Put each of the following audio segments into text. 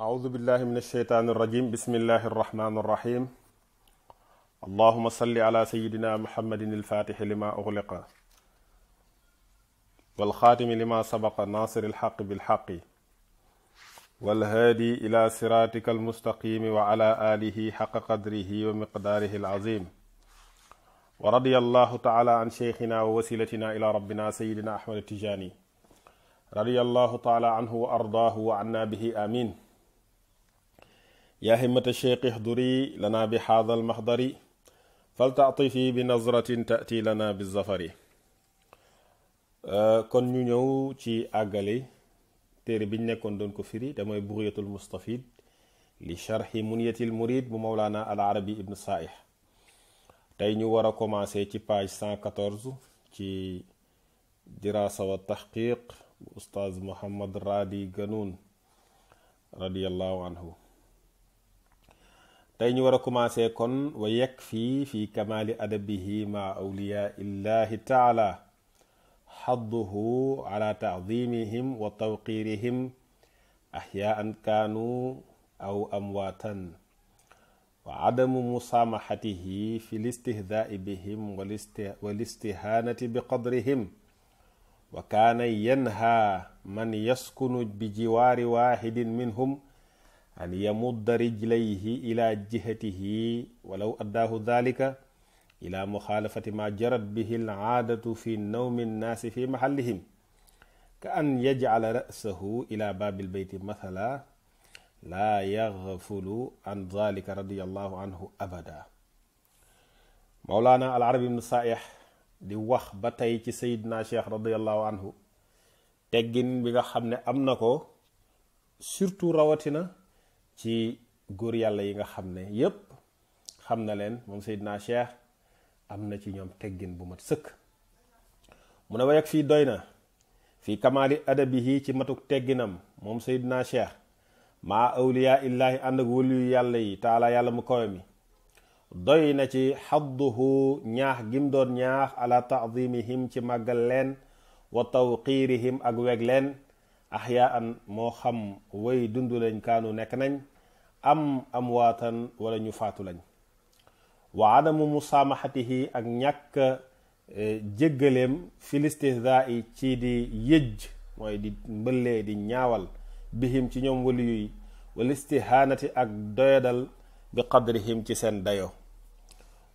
أعوذ بالله من الشيطان الرجيم بسم الله الرحمن الرحيم اللهم صل على سيدنا محمد الفاتح لما أغلق والخاتم لما سبق ناصر الحق بالحق والهادي إلى صراطك المستقيم وعلى آله حق قدره ومقداره العظيم ورضي الله تعالى عن شيخنا ووسيلتنا إلى ربنا سيدنا أحمد التجاني رضي الله تعالى عنه وأرضاه وعنا به آمين yaa himmata cheikh ihduri lana bi haada almahdari faltatifi bi nazratin tati lana bi zafari euh, kon ñu ñëw ci àggale téere biñ nekkoon doon ko firi te mooy bughyatul li sharhi munyatil murid bu mawlaana al arabi ibn saaih tey ñu war a commencer ci page 114 ci dirasa wa tahqiq bu ustaaz muhammad raadi ganoun radiallahu anhu tey ñu war a commencé kon wa yakfi fi kamaali adabihi maa awliyaa illahi taala xadduhu ala taadimihim wa tawqirihim ahyaan kaanu aw amwaatan wa adamu musaamaxatihi fi listihdaai bihim walistihaanati biqadrihim wa kaana yanha man yaskunu bi jiwaari waaxidin minhum an yamudda rijlayhi ila jihatihi walaw addaahu dalika ila muxaalafati ma jarat bihi alaadatu fi nawmi nnaasi fi maxallihim ka an yajcala ra'sahu ila baabil beyti mathala laa yaxfulu an dalika radiallahu anhu abada mawlaana al arabi ibnu saaih di wax ba tey ci sayidna cheikh radiallahu anhu teggin bi nga xam ne am na ko surtout rawatina ci góor yàlla yi nga xam ne yépp xam na leen moom Seydina Cheikh am na ci ñoom teggin bu mat sëkk mu ne wayak fii doy na fii kamaali adabihi ci matuk tegginam moom Seydina Cheikh maa awliyaa illaahi ànd ak wëliyu yàlla yi taala yàlla mu kawe mi doy na ci xadduhu ñaax gim doon ñaax ala taadimihim ci màggal leen wa tawqiirihim ak weg leen axyaan moo xam way dund lañ kaanu nekk nañ am amwaatan wala ñu faatu lañ wa adamu musaamaxatihi ak ñàkk eh, jéggaleem filistihdaa ci di yëj mooy di mbëllee di ñaawal bihim ci ñoom wali yuy wal ak doyadal bi qadrihim ci seen dayo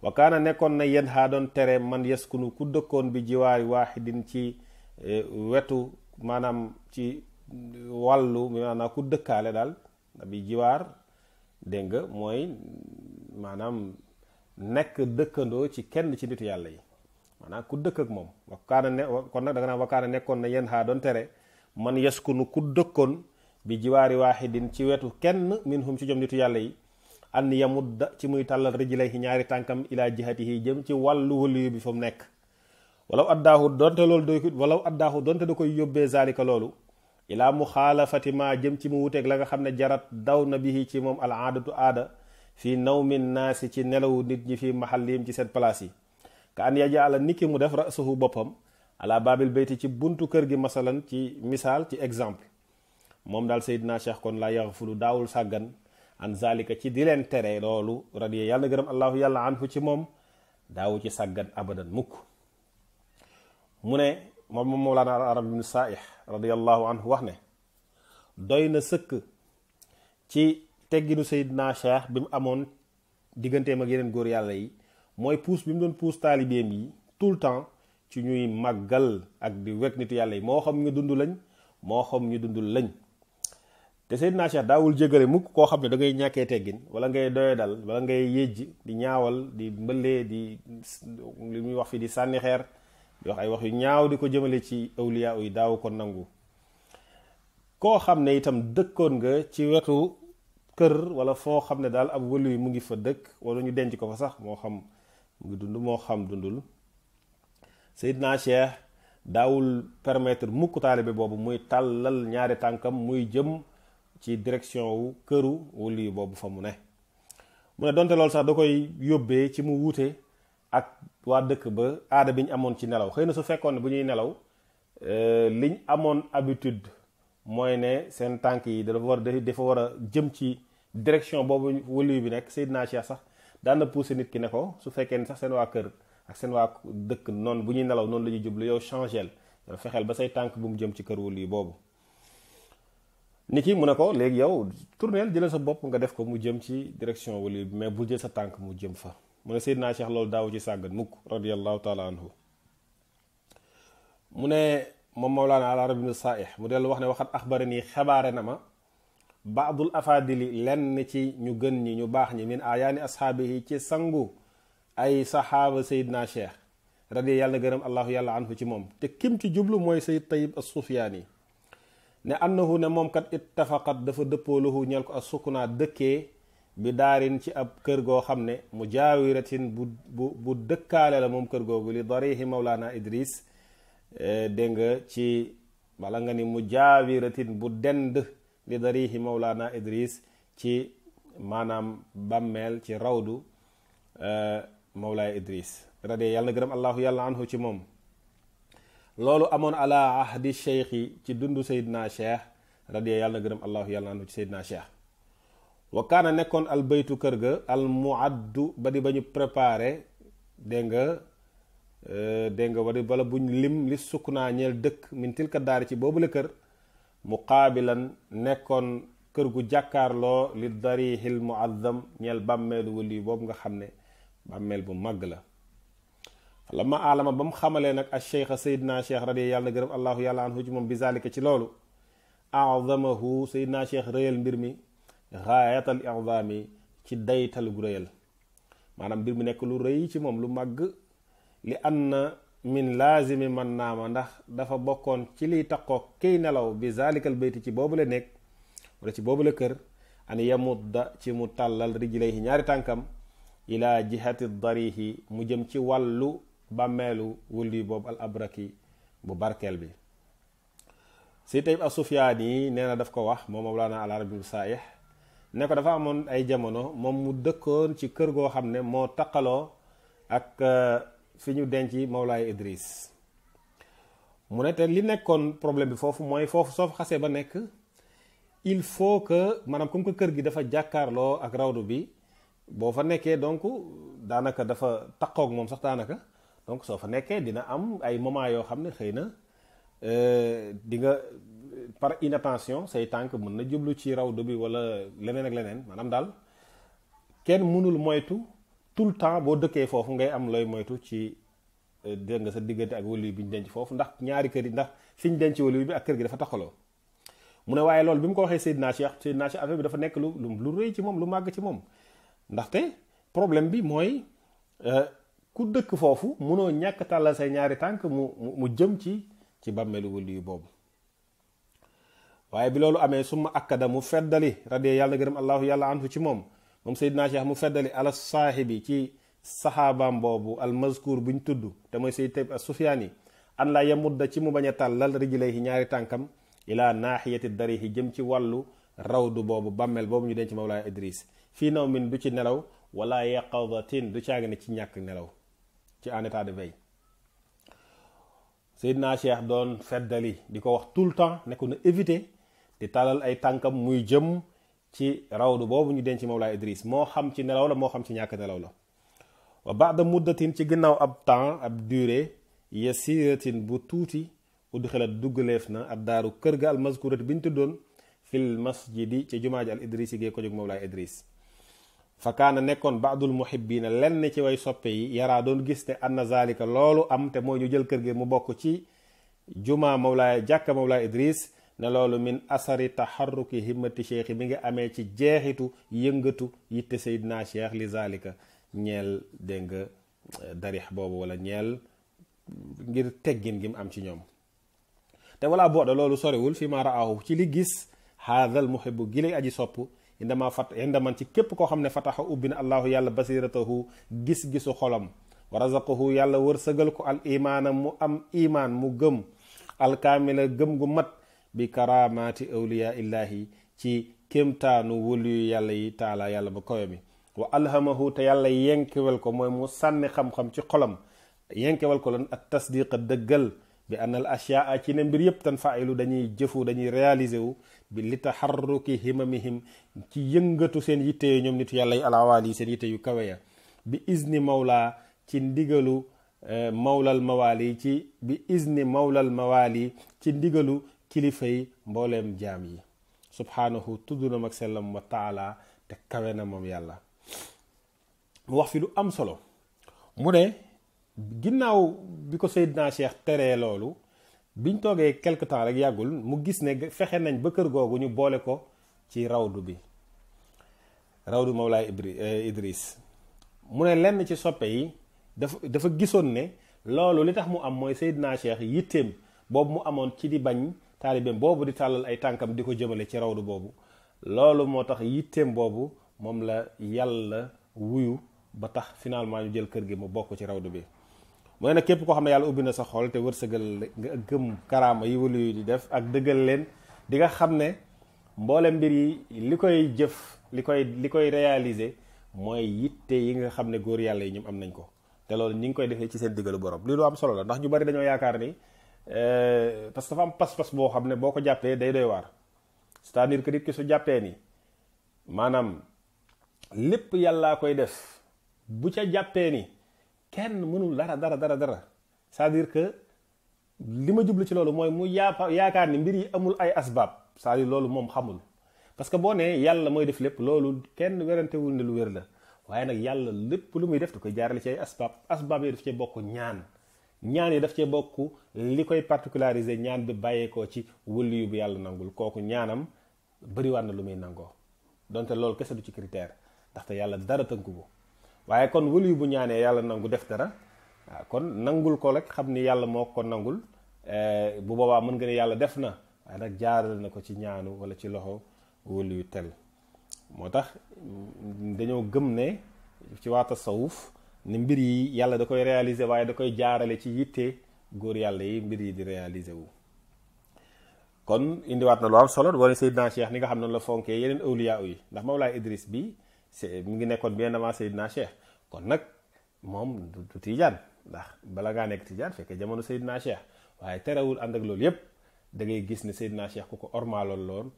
wa kaana nekkoon na yenn haa doon tere man yaskunu ku dëkkoon bi jiwaari waaxidin ci eh, wetu maanaam ci wàllu maanaam ku dëkkaale daal bi jiwaar dégg nga mooy maanaam nekk dëkkandoo ci kenn ci nitu yàlla yi maanaam ku dëkk moom wa kaana ne kon nag da nga naan kaana nekkoon na yéen xaa doon tere man yaskunu ku dëkkoon bi jiwaari waaxidin ci wetu kenn minhum ci jom nitu yàlla yi an da ci muy tàllal rijlayhi ñaari tànkam ilaa jihatihi jëm ci wàllu wëliyu bi fa mu nekk walaw addaahu donte loolu doy ko walaw addaahu donte da koy yóbbee zalika loolu ilaa mu xaalafati ma jëm ci mu wuteek la nga xam ne jarat daw na bihi ci moom al aadatu aada fii nawmi naasi ci nelawu nit ñi fii maxallihim ci seen place yi ka an yajaala niki mu def rasuhu boppam ala baabil bayti ci buntu kër gi masalan ci misaal ci exemple moom daal Seydina Cheikh kon laa fulu daawul sàggan an zalika ci di leen tere loolu radiya yàlla gërëm allahu yàlla anhu ci moom daawu ci sàggan abadan mukk mu ne moom moom Mawlana Arab ibn Saaih radiyallahu anhu wax ne doy na sëkk ci tegginu Seydina Cheikh bi mu amoon digganteem ak yeneen góor yàlla yi mooy puus bi mu doon puus taalibeem yi tout le temps ci ñuy màggal ak di wekk nitu yàlla yi moo xam ñu dund lañ moo xam ñu dundul lañ te Seydina Cheikh daawul jégale mukk koo xam ne da ngay ñàkkee teggin wala ngay doye dal wala ngay yéjj di ñaawal di mbëlee di lu muy wax fii di sànni xeer di wax ay wax yu ñaaw di ko jëmale ci awliyaa yi daaw ko nangu koo xam ne itam dëkkoon nga ci wetu kër walla foo xam ne daal ab wëlu yi mu ngi fa dëkk wala ñu denc ko fa sax moo xam mu ngi dund moo xam dundul naa Cheikh daawul permettre mukk taalibe boobu muy tàllal ñaari tànkam muy jëm ci direction wu këru wëlu yi boobu fa mu ne mu ne donte loolu sax da koy yóbbee ci mu wuute ak waa dëkk ba aada bi ñu amoon ci nelaw xëy na su fekkoon bu ñuy nelaw euh, liñ amoon habitude mooy ne seen tànk yi dafa war dafa war a jëm ci direction boobu wëliw bi nekk Seydina Cheikh sax daan na poussé nit ki ne ko su fekkee ni sax seen waa kër ak seen waa dëkk noonu bu ñuy nelaw noonu la ñuy jublu yow changel yow fexeel ba say tànk bu mu jëm ci kër wëliw boobu nit ki mu ne ko léegi yow tourneel jëlal sa bopp nga def ko mu jëm ci direction wëliw bi mais bul jël sa tànk mu jëm fa mu ne Seydina Cheikh loolu daaw ci sàggan mukk radiallahu taala anhu mu ne moom Mawlaana al Arabi ibnu Saaih mu dellu wax ne waxat axbara nii xabaare na ma baadul afaadili lenn ci ñu gën ñi ñu baax ñi min ayaani ashaabihi ci sangu ay saxaaba Seydina Cheikh radi yàlla gërëm allahu yàlla ci moom te kim ci jublu mooy Seyd Tayib as-Sufyaani ne annahu ne moom kat ittafaqat dafa dëppoo lahu ñeel ko as sukkunaa dëkkee bi daarin ci ab kër goo xam ne mu jaawiratin bu bu bu dëkkaale la moom kër googu li darihi mawlana idris eh, dégg nga ci wala nga ni mu jaawiratin bu dend li darihi mawlana idris ci maanaam bàmmeel ci rawdu eh, mawlaay idris radee yàlla na gërëm allahu yàlla anhu ci moom loolu amoon ala ahdi cheikh ci dundu seydina cheikh radee yàlla na gërëm allahu yàlla anhu ci seydina cheikh wa kaana nekkoon al baytu kër ga al muaddu ba di ba ñu préparé dégg nga euh, dégg nga wala bala buñ lim li sukk naa ñeel dëkk min tilka daari ci boobule kër muqaabilan nekkoon kër gu jàkkaarloo li darihil muazzam ñeel bàmmeelu wali boobu nga xam ne bàmmeel bu mag la lama alama ba mu xamalee nag a cheikh naa cheikh radi yàlla gërëm allahu yàlla anhu ci bi zalika ci loolu azamahu sayidna cheikh rëyal mbir mi xaayatal i'zaami ci daytal gu rëyal maanaam mbir mu nekk lu rëy ci moom lu màgg li am na min laazimi man naama ndax dafa bokkoon ci liy taqoo kiy nelaw bi zaalikal bayti ci boobu la nekk wala ci boobu la kër an yamudda ci mu tàllal rijlayhi ñaari tànkam ila jihati darihi mu jëm ci wàllu bàmmeelu wulli boobu al abraki bu barkeel bi si tayib asufyaan yi nee na daf ko wax moom mawlaana al arabi bu saayih ne ko dafa amoon ay jamono moom mu dëkkoon ci kër goo xam ne moo taqaloo ak euh, fi ñu denc Mawlaay Idris mu ne te li nekkoon problème bi foofu mooy foofu soo xasee ba nekk il faut que maanaam comme que kër gi dafa jàkkaarloo ak rawdu bi boo fa nekkee donc daanaka dafa taqook moom sax daanaka donc soo fa nekkee dina am ay moment yoo xam ne xëy na euh, di par inattention say tànk mën na jublu ci raw bi wala leneen ak leneen maanaam daal kenn mënul moytu tout le temps boo dëkkee foofu ngay am looy moytu ci euh, dégg nga sa diggante ak waliyu bi ñu denc foofu ndax ñaari kër yi ndax fi ñu denc waliyu bi ak kër gi dafa taxaloo mu ne waaye loolu bi mu ko waxee Seydina Cheikh Seydina Cheikh bi dafa nekk lu lu rëy ci moom lu màgg ci moom ndaxte problème bi mooy euh, ku dëkk foofu mënoo ñàkk tàllal say ñaari tànk mu mu jëm ci ci bàmmeelu boobu waaye bi loolu amee summa akkada mu feddali radiya yàlla gërëm allahu yàlla fu ci moom moom Seydina Cheikh mu feddali ala saahibi ci saxaabaam boobu al mazkur buñ tudd te mooy Seyd Tayb as Sufyaani an ci mu bañ a tàllal rijlayhi ñaari tànkam ila naaxiyati darihi jëm ci wàllu rawdu boobu bàmmeel boobu ñu denc Mawlaaya Idris fii naw min du ci nelaw wala yaqadatin du caagi ne ci ñàkk nelaw ci en état de veille Seydina Cheikh doon feddali di ko wax tout le temps nekku ko na éviter di tàllal ay tànkam muy jëm ci rawdu boobu ñu denc Mawlaa Idris moo xam ci nelaw la moo xam ci ñàkk nelaw la wa baada muddatin ci ginnaaw ab temps ab durée yasiratin bu tuuti udxilat duggaleef na ab daaru kër ga al mazkurat bi ñu tuddoon fil masjidi ci jumaa ji al idris yi gee ko jóg Mawlaa Idris fa kaana nekkoon baadul muhibbina lenn ci way soppe yi yaraa doon gis ne anna zalika loolu am te mooy ñu jël kër gi mu bokk ci jumaa Mawlaa jàkka Mawlaa Idris ne loolu min asari taxarruki himmati cheikh mi ngi amee ci jeexitu yëngatu yitte seydina cheikh li zalika ñeel dégg darix boobu wala ñeel ngir teggin gi mu am ci ñoom te wala booda loolu sorewul fi ma raahu ci li gis haadal muhibbu gi lay aji sopp indama fat indaman ci képp koo xam ne fataxa ubbi na allaahu yàlla basiratahu gis-gisu xolam wa razaqahu ko al imaana mu am imaan mu gëm alkaamila gëm gu mat bi karamaati awliyaa illaahi ci kéemtaanu wëliyu yàlla yi taala yàlla ba kowe mi wa alhamahu te yàlla yenkewel ko mooy mu sànni xam-xam ci xolam yenkewel ko lan ak tasdiqa dëggal bi anal asyaa ci ne mbir yëpp tan failu dañuy jëfu dañuy réaliser wu bi li taxarruki himamihim ci yëngatu seen yitte ñoom nitu yàlla yi alawaal yi seen yitte yu kawe ya bi izni mawla ci ndigalu eh, mawlal mawaali ci bi izni mawlal mawaali ci ndigalu kilifay mbooleem jaam yi subhaanahu tudd na mag sellam wa taala te kawe na moom yàlla mu wax fi lu am solo mu ne ginnaaw bi ko naa Cheikh teree loolu biñ toogee quelque temps rek yàggul mu gis ne fexe nañ ba kër googu ñu boole ko ci rawdu bi rawdu moom Mawlaay eh, Idris mu ne lenn ci soppe yi dafa dafa gisoon ne loolu li tax mu am mooy Seydina Cheikh yitteem boobu mu amoon ci di bañ taalibeem boobu di tàllal ay tànkam di ko jëmale ci rawdu boobu loolu moo tax yitteem boobu moom la yàlla wuyu ba tax finalement ñu jël kër gi mu bokk ci rawdu bi mooy nag képp koo xam ne yàlla ubbi na sa xool te wërsëgal nga gëm karaama yi wala yu di def ak dëggal leen di nga xam ne mboole mbir yi li koy jëf li koy li koy réaliser mooy yitte yi nga xam ne góor yàlla yi ñoom am nañ ko te loolu ñi ngi koy defee ci seen diggalu borom lii lu am solo la ndax ñu bari dañoo yaakaar Euh, parce que dafa pas-pas boo xam ne boo ko jàppee day doy waar cest à que nit ki su jàppee ni maanaam lépp yàllaa koy def bu ca jàppee ni kenn mënul dara dara dara dara c'est-à-dire que li ma jublu ci loolu mooy mu yaa yaakaar ni mbir yi amul ay asbaab cest à loolu moom xamul parce que boo nee yàlla mooy def lépp loolu kenn werantewul ne lu wér la waaye nag yàlla lépp lu muy def du koy jaarale ci ay asbaab asbaab yi daf cee bokk ñaan ñaan yi daf cee bokk li koy particulariser ñaan bi bàyyeekoo ci wëliyu bu yàlla nangul kooku ñaanam bëriwaat na lu muy nangoo donte loolu kese du ci critère ndaxte yàlla dara tënku ko waaye kon wëliyu bu ñaanee yàlla nangu def dara kon nangul ko rek xam ni yàlla moo ko nangul eh, bu boobaa mën nga ne yàlla def na waaye nag jaaral na ko ci ñaanu wala ci loxo wëliyu tel moo tax mm, dañoo gëm ne ci waa tasawuf ni mbir yi yàlla da koy réaliser waaye da koy jaarale ci yitte góor yàlla yi mbir yi di réaliser wu kon indiwaat na lu am solo wane Seydina Cheikh ni nga xam noonu la fonkee yeneen awliya yi ndax Mawlaa Idris bi c'est mu ngi nekkoon bien avant Seydina Cheikh kon nag moom du Tijaan ndax bala ngaa nekk Tijaan fekkee jamono Seydina Cheikh waaye terewul ànd ak loolu yépp da ngay gis ne Seydina Cheikh ku ko ormaaloon loon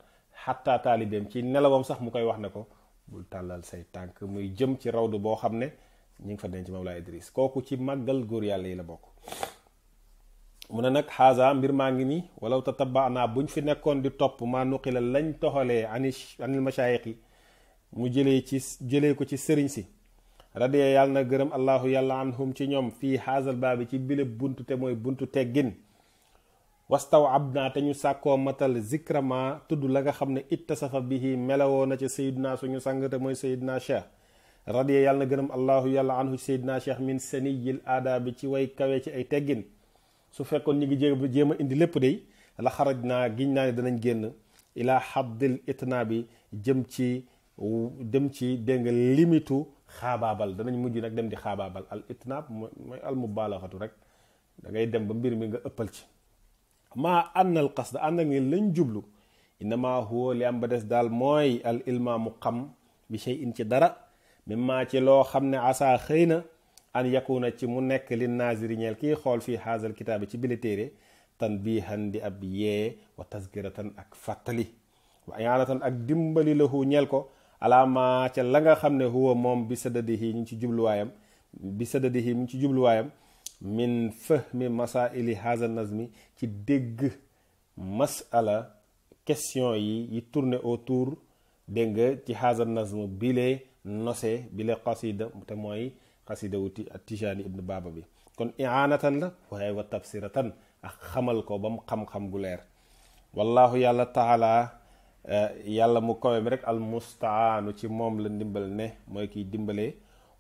xattaa taalibeem ci nelawam sax mu koy wax ne ko bul tàllal say tànk muy jëm ci rawdu boo xam ne ñu ngi fa denc Mawlaay Idris kooku ci màggal góor yàlla yi la bokk mu ne nag xaasa mbir maa ngi nii walaw tatabaanaa buñ fi nekkoon di topp maa la lañ toxalee ani anil mu jëlee ci jëlee ko ci sëriñ si radiya yàlla na gërëm allahu yàlla anhum ci ñoom fii xaasal baabi ci bile buntu te mooy buntu teggin wastaw ab naa te ñu sàkkoo matal zikrama tudd la nga xam ne ittasafa bihi melawoo na ci sayiduna suñu sang te mooy sayiduna cheikh radiya yàlla na gërëm allahu yàlla anhu seydina cheikh min saniyil aadaabi ci way kawe ci ay teggin su fekkoon ñu ngi jéem jéem a indi lépp day la xaraj naa giñ naa ne danañ génn ilaa xaddil itnaa bi jëm ci dem ci dégg limitu xaabaabal danañ mujj nag dem di xaabaabal al itnaab mooy al mubaalaxatu rek da ngay dem ba mbir mi nga ëppal ci maa ànnal xasd ànd ak ni lañ jublu innama huwa li am ba des daal mooy al ilmaamu xam bi shay in ci dara mimma ci loo xam ne asa xëy na an na ci mu nekk li naaziri ñeel kiy xool fii haasal kitaabi ci bile téere tanbihan di ab yee wa tazkiratan ak fàttali wa ianatan ak dimbali lahu ñeel ko alaama ca la nga xam ne huwa moom bi sadadihi ñu ci jubluwaayam bi sadadihi mu ci jubluwaayam min fahmi mi ci dégg masala question yi yi tourne autour dégg nga ci haasal nazm bilee nosee bi la xasida te mooy xasida wuti ak tijaani ibnu baaba bi kon iaanatan la waaye wa tafsiratan ak xamal ko ba mu xam-xam bu leer wallahu yàlla taala eh, yàlla mu kawe mi rek al mustaanu ci moom la ndimbal ne mooy kiy dimbalee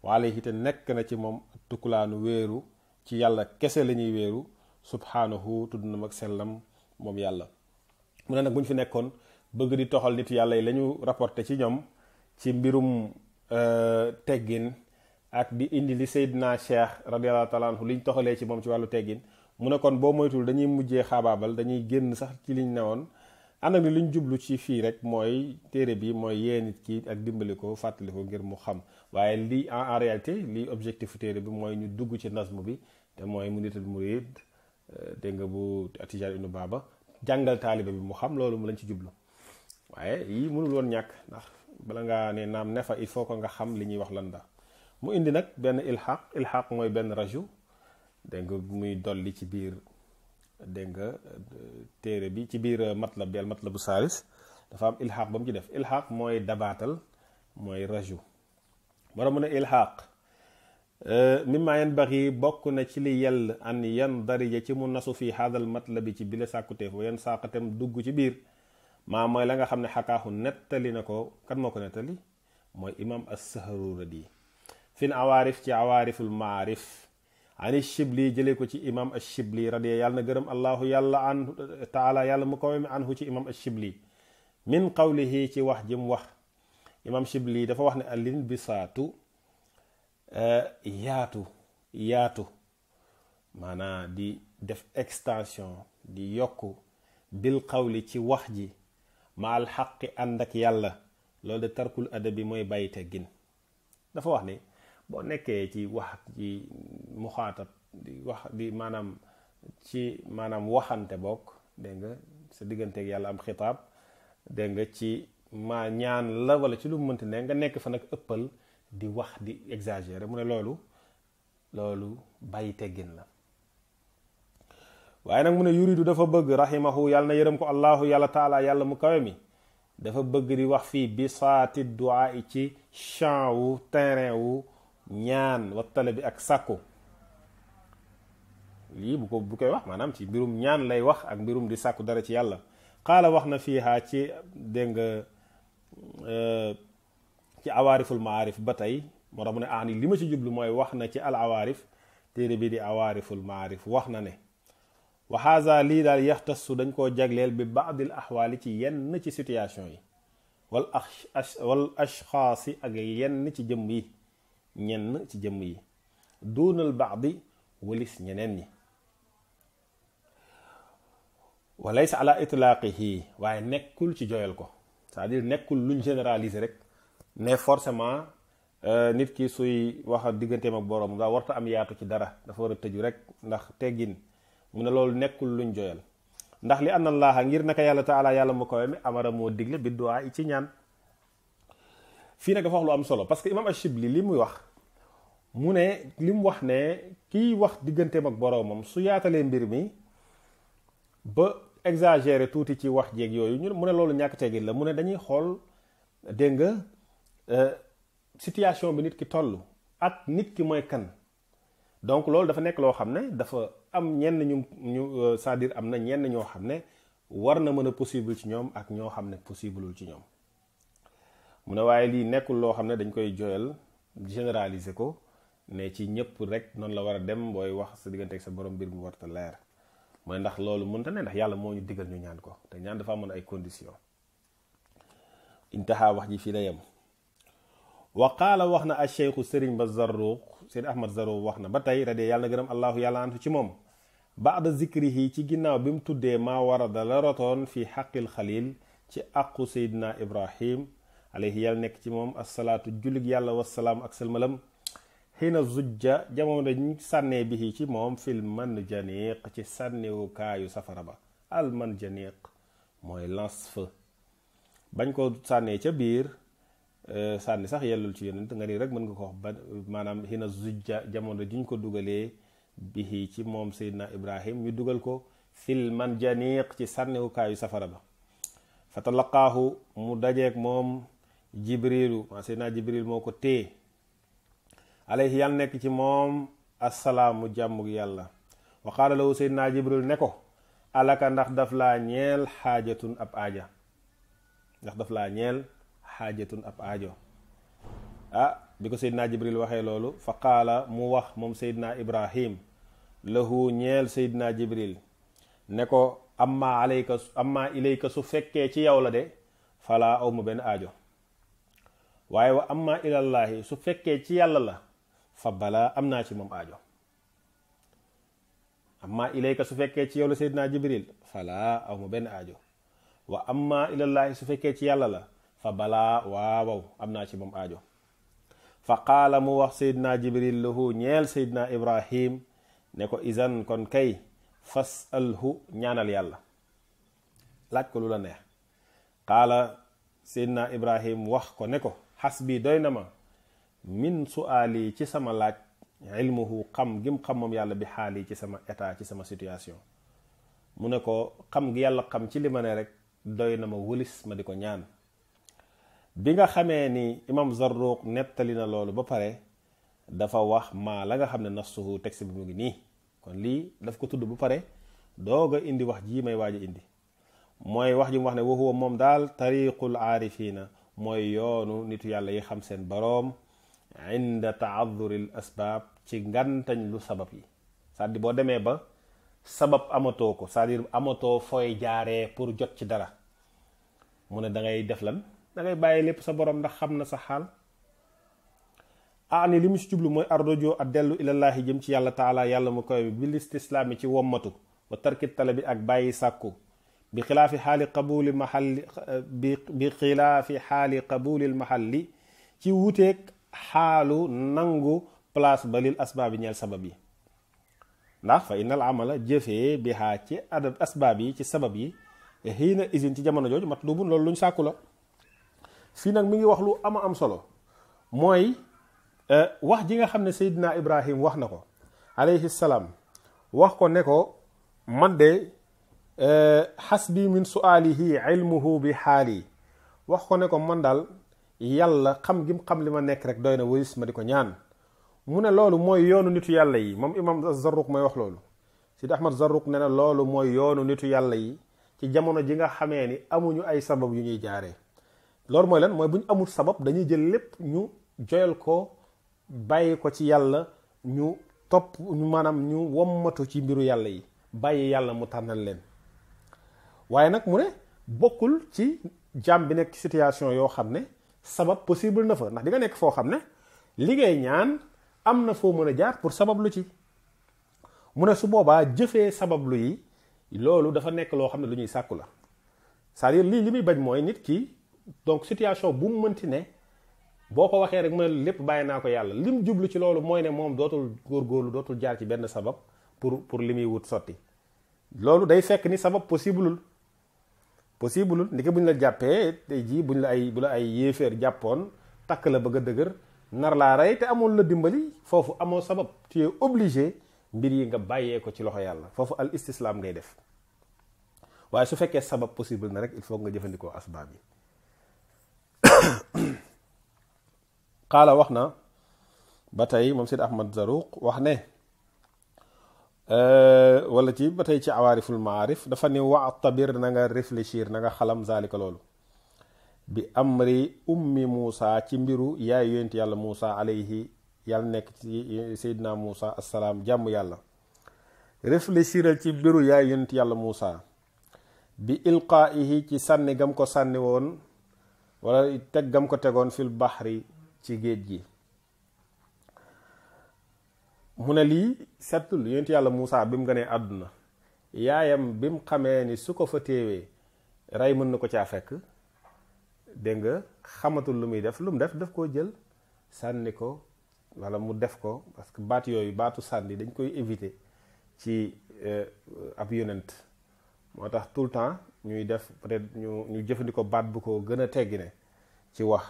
waale hite nekk na ci moom tukkulaanu wéeru ci yàlla kese la ñuy wéeru subhaanahu tudd na mag sellam moom yàlla mu ne nag bu ñu fi nekkoon bëgg di toxal nit yàlla yi la ñu ci ñoom ci mbirum Euh, teggin ak di indi li Seydina Cheikh radiyallahu taala li liñ toxalee ci moom ci wàllu teggin mu ne kon boo moytul dañuy mujjee xaabaabal dañuy génn sax ci liñ newoon ànd li liñ jublu ci fii rek mooy téere bi mooy yee nit ki ak dimbali ko fàttali ko ngir mu xam waaye lii en réalité lii objectif téere bi mooy ñu dugg ci nasmu bi te mooy mu nitul murid euh, dégg nga bu Tijaan Ibnu Baaba jàngal taaliba bi mu xam loolu mu lañ ci jublu waaye yii bala ngaa ne naam nefa il faut que nga xam li ñuy wax lan la mu indi nag benn ilxaq ilxaq mooy benn rajo dégg nga muy dolli ci biir dégg nga téere bi ci biir matlab bi al matlabu saalis dafa am ilxaq ba mu ci def ilxaq mooy dabaatal mooy raju bara mu ne ilxaq euh, mimma yanbaghi bokk na ci li yell an yan darija ci mu nasu fii haadal matlabi ci bile sàkkuteef wa yan saaqatam dugg ci biir maa mooy la nga xam ne xakaaxu nettali na ko kan moo ko nettali mooy imam as-Sahruradi fin awaarif ci awaariful maarif ani shibli jëlee ko ci imam ashibli radiya yàlla na gërëm allahu yàlla an taala yàlla mu ko mi anhu ci imam ashibli min qawlihi ci wax jëm wax imam shibli dafa wax ne alin bi saatu eh, yaatu maanaa di def extension di yokk bil qawli ci wax ji ma xaqi ànd ak yàlla loolu de tarkul adabi mooy bàyyi teggin dafa wax ni boo nekkee ci wax ci muxaatab di wax di maanaam ci maanaam waxante bokk dégg nga sa digganteeg yàlla am xitaab dégg nga ci ma ñaan la wala ci lu mu mënti ne nga nekk fa nag ëppal di wax di exagérer mu ne loolu loolu bàyyi teggin la waaye nag mu ne yuridu dafa bëgg rahimahu yàlla na yërëm ko allahu yàlla taalaa yàlla mu kawe mi dafa bëgg di wax fii bisaati duaa i ci champ wu terrain wu ñaan wa talabi ak sàkku lii bu ko bu koy wax maanaam ci mbirum ñaan lay wax ak mbirum di sàkku dara ci yàlla xaala wax na fii haa ci dégg nga euh, ci awaariful maarif ba tey moo tax mu ne aani ah, li ma ci jublu mooy wax na ci al awaarif téere bi di awaariful maarif wax na ne wa lii daal yaxtasu dañ koo jagleel bi baadil axwaali ci yenn ci situation yi wal wal ashxaasi ak yenn ci jëmm yi ñenn ci jëmm yi duunal baax walis ñeneen ñi wa laysa ala itlaaqihi waaye nekkul ci joyal ko cest à nekkul luñ généraliser rek ne forcément euh, nit ki suy wax digganteem ak boroom nga warta am yaatu ci dara dafa war a tëju rek ndax teggin mu ne loolu nekkul luñ joyal ndax li anna allaha ngir naka yàlla taala yàlla mu kawe mi amara moo digle bi duwaa ci ñaan fii nag dafa wax lu am solo parce que imam Ashibli li muy wax mu ne li mu wax ne kiy wax digganteem ak boroomam su yaatalee mbir mi ba exagéré tuuti ci wax jéeg yooyu ñu mu ne loolu ñàkk teggin la mu ne dañuy xool dégg nga euh, situation bi nit ki toll ak nit ki mooy kan donc loolu dafa nekk loo xam ne dafa am ñenn ñu ñu euh, cest am na ñenn ñoo xam ne war na mën a possible ci ñoom ak ñoo xam ne possibleul ci ñoom mu ne waaye lii nekkul loo xam ne dañ koy joyal généraliser ko ne ci ñëpp rek noonu la war a dem booy wax sa diggante ak sa borom mbir mu warta leer mooy ndax loolu mënta ne ndax yàlla moo ñu diggal ñu ñaan ko te ñaan dafa amoon ay condition intaha wax ji fii la yem wa wax na a cheikhu sëriñ ba zarruq Seydi Ahmad Zaro wax na ba tey radee yàlla na gërëm allahu yàlla antu ci moom baada zikrihi ci ginnaaw bi mu tuddee maa warada la rotoon fi xaqil xalil ci aqu Seydina Ibrahim alayhi yàlla nekk ci moom asalaatu jullit yàlla wasalaam ak salmalam xiina zujja jamono ñu sànnee bi ci moom fil man janiq ci sànniwukaayu safara ba al man janiq mooy lance feu bañ ko sànnee ca biir Euh, sànni sax yellul ci yonent nga ni rek mën nga ko wax ba maanaam xina zujja jamono ji ko dugalee bihi ci moom Seydina Ibrahim ñu dugal ko fil manjaniq ci sànniwukaayu safara ba fa mu dajeeg moom jibrilu maa moo ko téye alayhi yàlla nekk ci moom assalaamu jàmmug yàlla wa qaala lahu Seydina jibril ne ko alaka ndax daf laa ñeel xaajatun ab aaja ndax daf laa ñeel xaajatun ab aajo ah bi ko seydinaa jibril waxee loolu fa qaala mu wax moom seydinaa ibrahim lahu ñeel seydinaa jibril ne ko amma ilayka su fekkee ci yow la de aw awma benn aajo waaye wa amma ilallaahi su fekkee ci yàlla la fa balaa am naa ci moom aajo amma ilayka su fekkee ci yow la seydinaa jibril falaa awma benn aajo wa amma ilallaahi su fekkee ci yàlla la fa balaa waawaw am naa ci moom aajo fa qaala mu wax seydina jibril lahu ñeel seydina ibrahim ne ko isan kon kay fasalhu ñaanal yàlla laaj ko lu la neex qaala seydina ibrahim wax ko ne ko xas bi doy na ma min suaali ci sama laaj ilmuhu xam gim xam moom yàlla bi xaali ci sama état ci sama situation mu ne ko xam gi yàlla xam ci li ma ne rek doy na ma wëlis ma di ko ñaan bi nga xamee ni imam Zarruq nettali na loolu ba pare dafa wax maa la nga xam ne nasuhu texte bi mu ngi nii kon lii daf ko tudd bu pare doog a indi wax jii may waaj indi mooy wax ji mu wax ne wa moom daal tariqul aarifiina mooy yoonu nitu yàlla yi xam seen boroom inda taaduril asbaab ci ngantañ lu sabab yi cest boo demee ba sabab amatoo ko cest à amatoo fooy jaaree pour jot ci dara mu ne dangay def lan dangay bàyyi lépp sa borom ndax xam na sa xaal aani li mu si jublu mooy ardojo a dellu ilallaahi jëm ci yàlla taala yàlla mu koy bi listislaami ci wommatu ba tarkit talabi ak bàyyi sàkku bi xilaafi xaali qabuli mahalli bi xilaafi xaali qabulil mahalli ci wuteeg xaalu nangu place ba lil asbaab yi ñeel sabab yi ndax fa innal amala jëfee bi xaa ci adab asbaab yi ci sabab yi xiina isin ci jamono jooju mat lubun loolu luñ sàkku la fii nag mi ngi wax lu ama am solo mooy euh, wax ji nga xam ne Seydina Ibrahim wax na ko alayhi salaam wax ko ne ko man de xas euh, bi min suaalihi ilmuhu bi xaali wax ko ne ko man daal yàlla xam gim xam li ma nekk rek doy na wayus ma di ko ñaan mu ne loolu mooy yoonu nitu yàlla yi moom imam Zarruq mooy wax loolu Sidi Ahmad Zarruq ne na loolu mooy yoonu nitu yàlla yi ci jamono ji nga xamee ni amuñu ay sabab yu ñuy jaaree loolu mooy lan mooy bu ñu amul sabab dañuy jël lépp ñu joyal ko bàyyi ko ci yàlla ñu topp ñu maanaam ñu wommatu ci mbiru yàlla yi bàyyi yàlla mu tànnal leen waaye nag mu ne bokkul ci jaam bi nekk situation yoo xam ne sabab possible na fa ndax di nga nekk foo xam ne liggéey ñaan am na foo mën a jaar pour sabab lu ci mu ne su boobaa jëfee sabablu yi loolu dafa nekk loo xam ne lu ñuy sàkku la cest à lii li muy bañ mooy nit ki donc situation bu mu mënti ne boo ko waxee rek mën lépp bàyyi naa ko yàlla lim jublu ci loolu mooy ne moom dootul góorgóorlu dootul jaar ci benn sabab pour pour li muy wut sotti loolu day fekk ni sabab possibleul possibleul ndeke bu ñu la jàppee tey jii bu ñu la ay bu la ay yéeféer jàppoon takk la bëgg a dëgër nar laa rey te amul la dimbali foofu amoo sabab tu es mbir yi nga bàyyee ko ci loxo yàlla foofu al istislaam ngay def waaye su fekkee sabab possible na rek il faut nga jëfandikoo asbaab yi qaala wax na ba tey moom Sidi Ahmad Zaruq wax ne euh, walla ci ba tey ci awaariful maarif dafa ni waxtabir na nga réfléchir na nga xalam zaalika loolu bi amri ummi Moussa ci mbiru yaay yonent yàlla Moussa alayhi yàlla nekk ci Seydina Moussa assalaam jàmm yàlla réfléchiral ci mbiru yaay yonent yàlla Moussa bi ilqaa'ihi ci sànni gam ko sànni woon wala teg gam ko tegoon fil baxri ci géej gi mu ne lii settul yonent yàlla Moussa bi mu gënee àdduna yaayam bi mu xamee ni su ko fa téewee rey mën na ko caa fekk dégg nga xamatul lu muy def lu mu def daf koo jël sànni ko wala mu def ko parce que baat yooyu baatu sànni dañ koy éviter ci euh, ab yonent moo tax tout le temps ñuy def peut-être ñu ñu jëfandikoo baat bu ko gën a teggine ci wax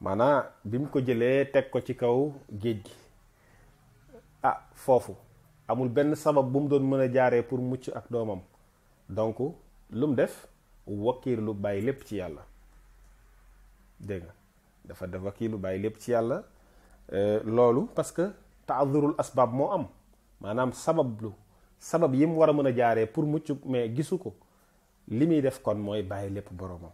maanaam bi mu ko jëlee teg ko ci kaw géej gi ah foofu amul benn sabab bu mu doon mën a jaaree pour mucc ak doomam donc lu mu def wakkiir lu bàyyi lépp ci yàlla dégg nga dafa def wakkiir lu bàyyi lépp ci yàlla euh, loolu parce que taadurul asbaab moo am maanaam sabab lu sabab yi mu war a mën a jaaree pour mucc mais gisu ko li muy def kon mooy bàyyi lépp boromam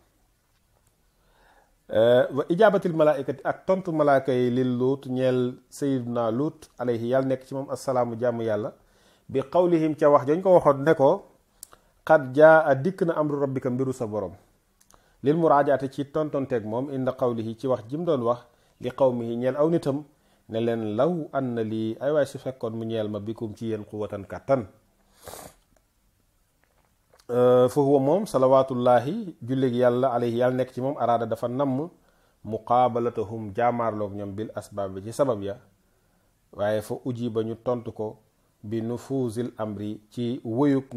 euh, wa ijaabatil malaaykati ak tontu malaaka yi lil luut ñeel naa luut alayhi yàlla nekk ci moom assalaamu jàmm yàlla bi qawlihim ca wax dañ ko waxoon ne ko xad jaa a dikk na amru rabbika mbiru sa boroom lil muraajaate ci tontonteeg moom inda qawlihi ci wax jim doon wax li qawmihi ñeel aw nitam ne leen law an na lii ay waay su fekkoon mu ñeel ma bikum ci yéen quwatan kàttan Euh, fa huwa moom salawaatullaahi julleeg yàlla alayhi yàlla nekk ci moom araada dafa namm muqaabalatahum jaamaarloog ñoom bil asbaab bi ci sabab ya waaye fa uji ba ñu tontu ko bi nufuusil amri ci wëyug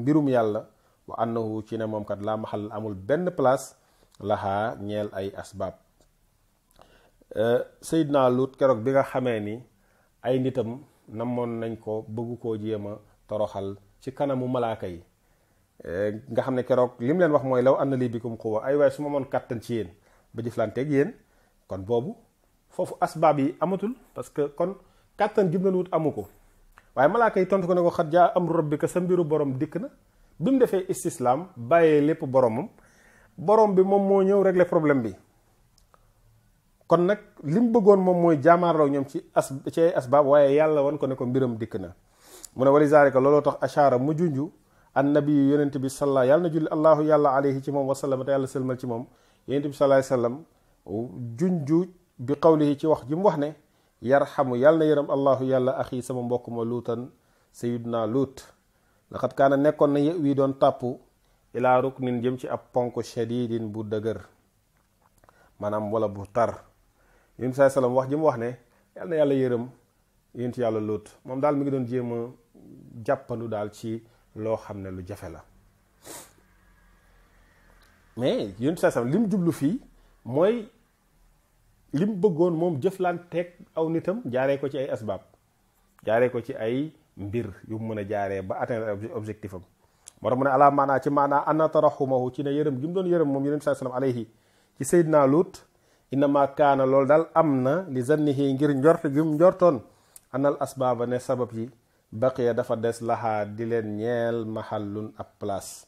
mbirum yàlla wa annahu ci ne moom kat laa maxal amul benn place laxaa ñeel ay asbaab euh, na Lut keroog bi nga xamee ni ay nitam namoon nañ ko bëgg koo jéema toroxal ci kanamu malaaka yi Eh, nga xam ne keroog li mu leen wax mooy law am na lii mu quwa ay waaye su ma moon kàttan ci yéen ba jëflanteeg yéen kon boobu foofu asbaab yi amatul parce que kon kàttan jum wut amu ko waaye malaaka yi tontu ko ne ko xat jaa amru rabbika sa mbiru borom dikk na bi mu defee istislaam bàyyee lépp boromam borom bi moom moo ñëw régler problème bi kon nag li mu bëggoon moom mooy jaamaarloo ñoom ci as ci ay asbaab waaye yàlla wan ko ne ko mbiram dikk na mu ne looloo tax ashaara mu junju annabi yu yonent bi salla yàlla na julli allahu yàlla alayhi ci moom wasallam te yàlla sëlmal ci moom yonent bi salaay sallam junju bi qawlihi ci wax ji wax ne yarxamu yàlla na yërëm allahu yàlla axi sama mbokk ma luutan sayiduna luut laqad kaana nekkoon na doon tàpp ilaa ruknin jëm ci ab ponk shadidin bu dëgër maanaam wala bu tar yonent bi salaam wax ji mu wax ne yàlla na yàlla yërëm yonent yàlla luut moom daal mi ngi doon jéem a jàppandu daal ci loo xam ne lu jafe la mais yonent saa sam li mu jublu fii mooy li mu bëggoon moom jëflanteeg aw nitam jaaree ko ci ay asbaab jaaree ko ci ay mbir yu mu mën a jaaree ba atteindre objectif am moo tax mu ne alaa maanaa ci maanaa anna taraxumahu ci ne yërëm gi mu doon yërëm moom yonent saa sallam alayhi ci naa Luut innama kaana loolu daal am na li zannihi ngir njort gi mu njortoon anal asbaaba ne sabab yi baqiya dafa des laxaa di leen ñeel mahallun ab place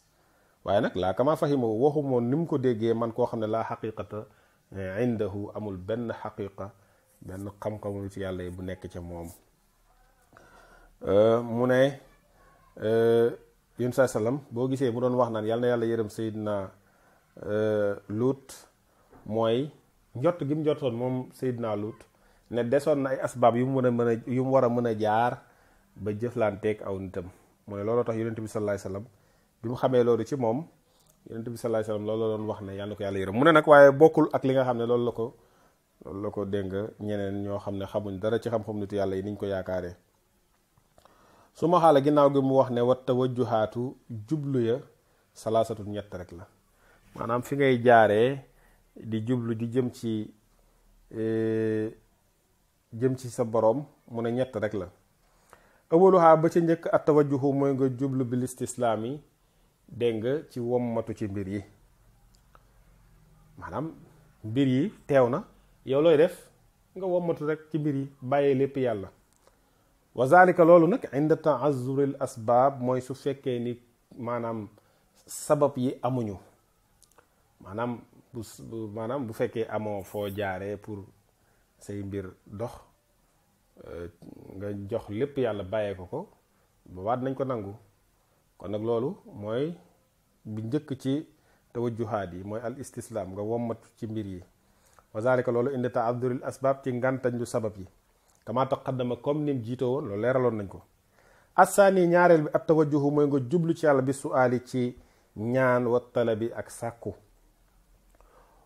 waaye nag laa kama fahima waxumoon ni mu ko déggee man koo xam ne laa xaqiqata amul benn xaqiqa benn xam-xamul ci yàlla yi bu nekk ca moom euh, mu ne yun saa salaam boo gisee mu doon wax naan yàlla yàlla yërëm Seydina euh, Luut mooy njott gi mu njottoon moom naa lut ne desoon na ay asbaab yu mu mën a mën a yu mu war a mën a jaar ba jëf jëflanteeg aw nitam mu ne looloo tax yonent bi sallallahu alayhi wasallam bi xamee loolu ci moom yonent bi sallallahu doon wax ne yàlla ko yàlla yërëm mu ne nag waaye bokkul ak li nga ne loolu la ko la ko dénk ñeneen ñoo xam ne xamuñ dara ci xam-xam nitu yàlla yi niñ ko yaakaaree su ma ginnaaw mu wax ne wat tawajjuhaatu jublu ya salaasatu ñett rek la maanaam fi ngay jaaree di jublu di jëm ci eh, jëm ci sa boroom mu ne ñett rek la ëwaluhaa ba ca njëkk at tawajjuhu mooy nga jublu bil istislaam yi dégg nga ci wommatu ci mbir yi maanaam mbir yi teew na yow looy def nga womatu rek ci mbir yi bàyyee lépp yàlla wa loolu nag inda taazuril asbaab mooy su fekkee nit maanaam sabab yi amuñu maanaam bu maanaam bu fekkee amoo foo jaaree pour say mbir dox Euh, nga jox lépp yàlla bàyyee ko ko boobaa nañ ko nangu kon nag loolu mooy bi njëkk ci tawajjuhaat yi mooy al nga wommatu ci mbir yi wa zalika loolu indi taaduril asbaab ci ngàntañ lu sabab yi kama taqaddama comme nim jiitoo woon loolu leeraloon nañ ko assaani ñaareel bi ab tawajjuhu mooy nga jublu ci yàlla bi su suaali ci ñaan wa talabi ak sàkku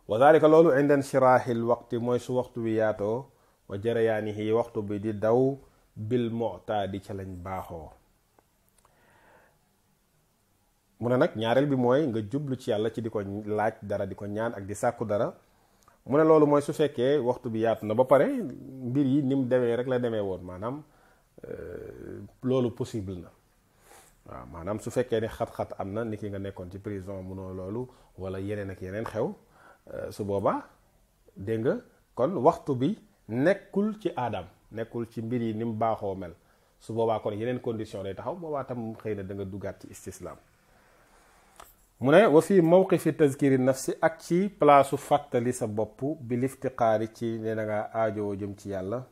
wa zalika loolu inda inshiraahil waqti mooy su waxtu wi yaatoo wa jarayaanihi waxtu bi di daw bil mu'taadi ca lañ baaxoo mu ne nag ñaareel bi mooy nga jublu ci yàlla ci di ko laaj dara di ko ñaan ak di sàkku dara mu ne loolu mooy su fekkee waxtu bi yaatu na ba pare mbir yi ni mu demee rek la demee woon maanaam euh, loolu possible na waaw maanaam su fekkee ne xat-xat am na ni ki nga nekkoon ci prison munoo loolu wala yeneen ak yeneen xew euh, su boobaa dégg kon waxtu bi nekkul ci aadam nekkul ci mbir yi ni mu baaxoo mel su boobaa kon yeneen condition day taxaw boobaa tam xëy na danga nga duggaat ci istislaam mu ne wa fii mawqifi tazkiri nafsi ak ci palaasu fàttali sa bopp bi liftiqaari ci ne da ngaa aajowoo jëm ci yàlla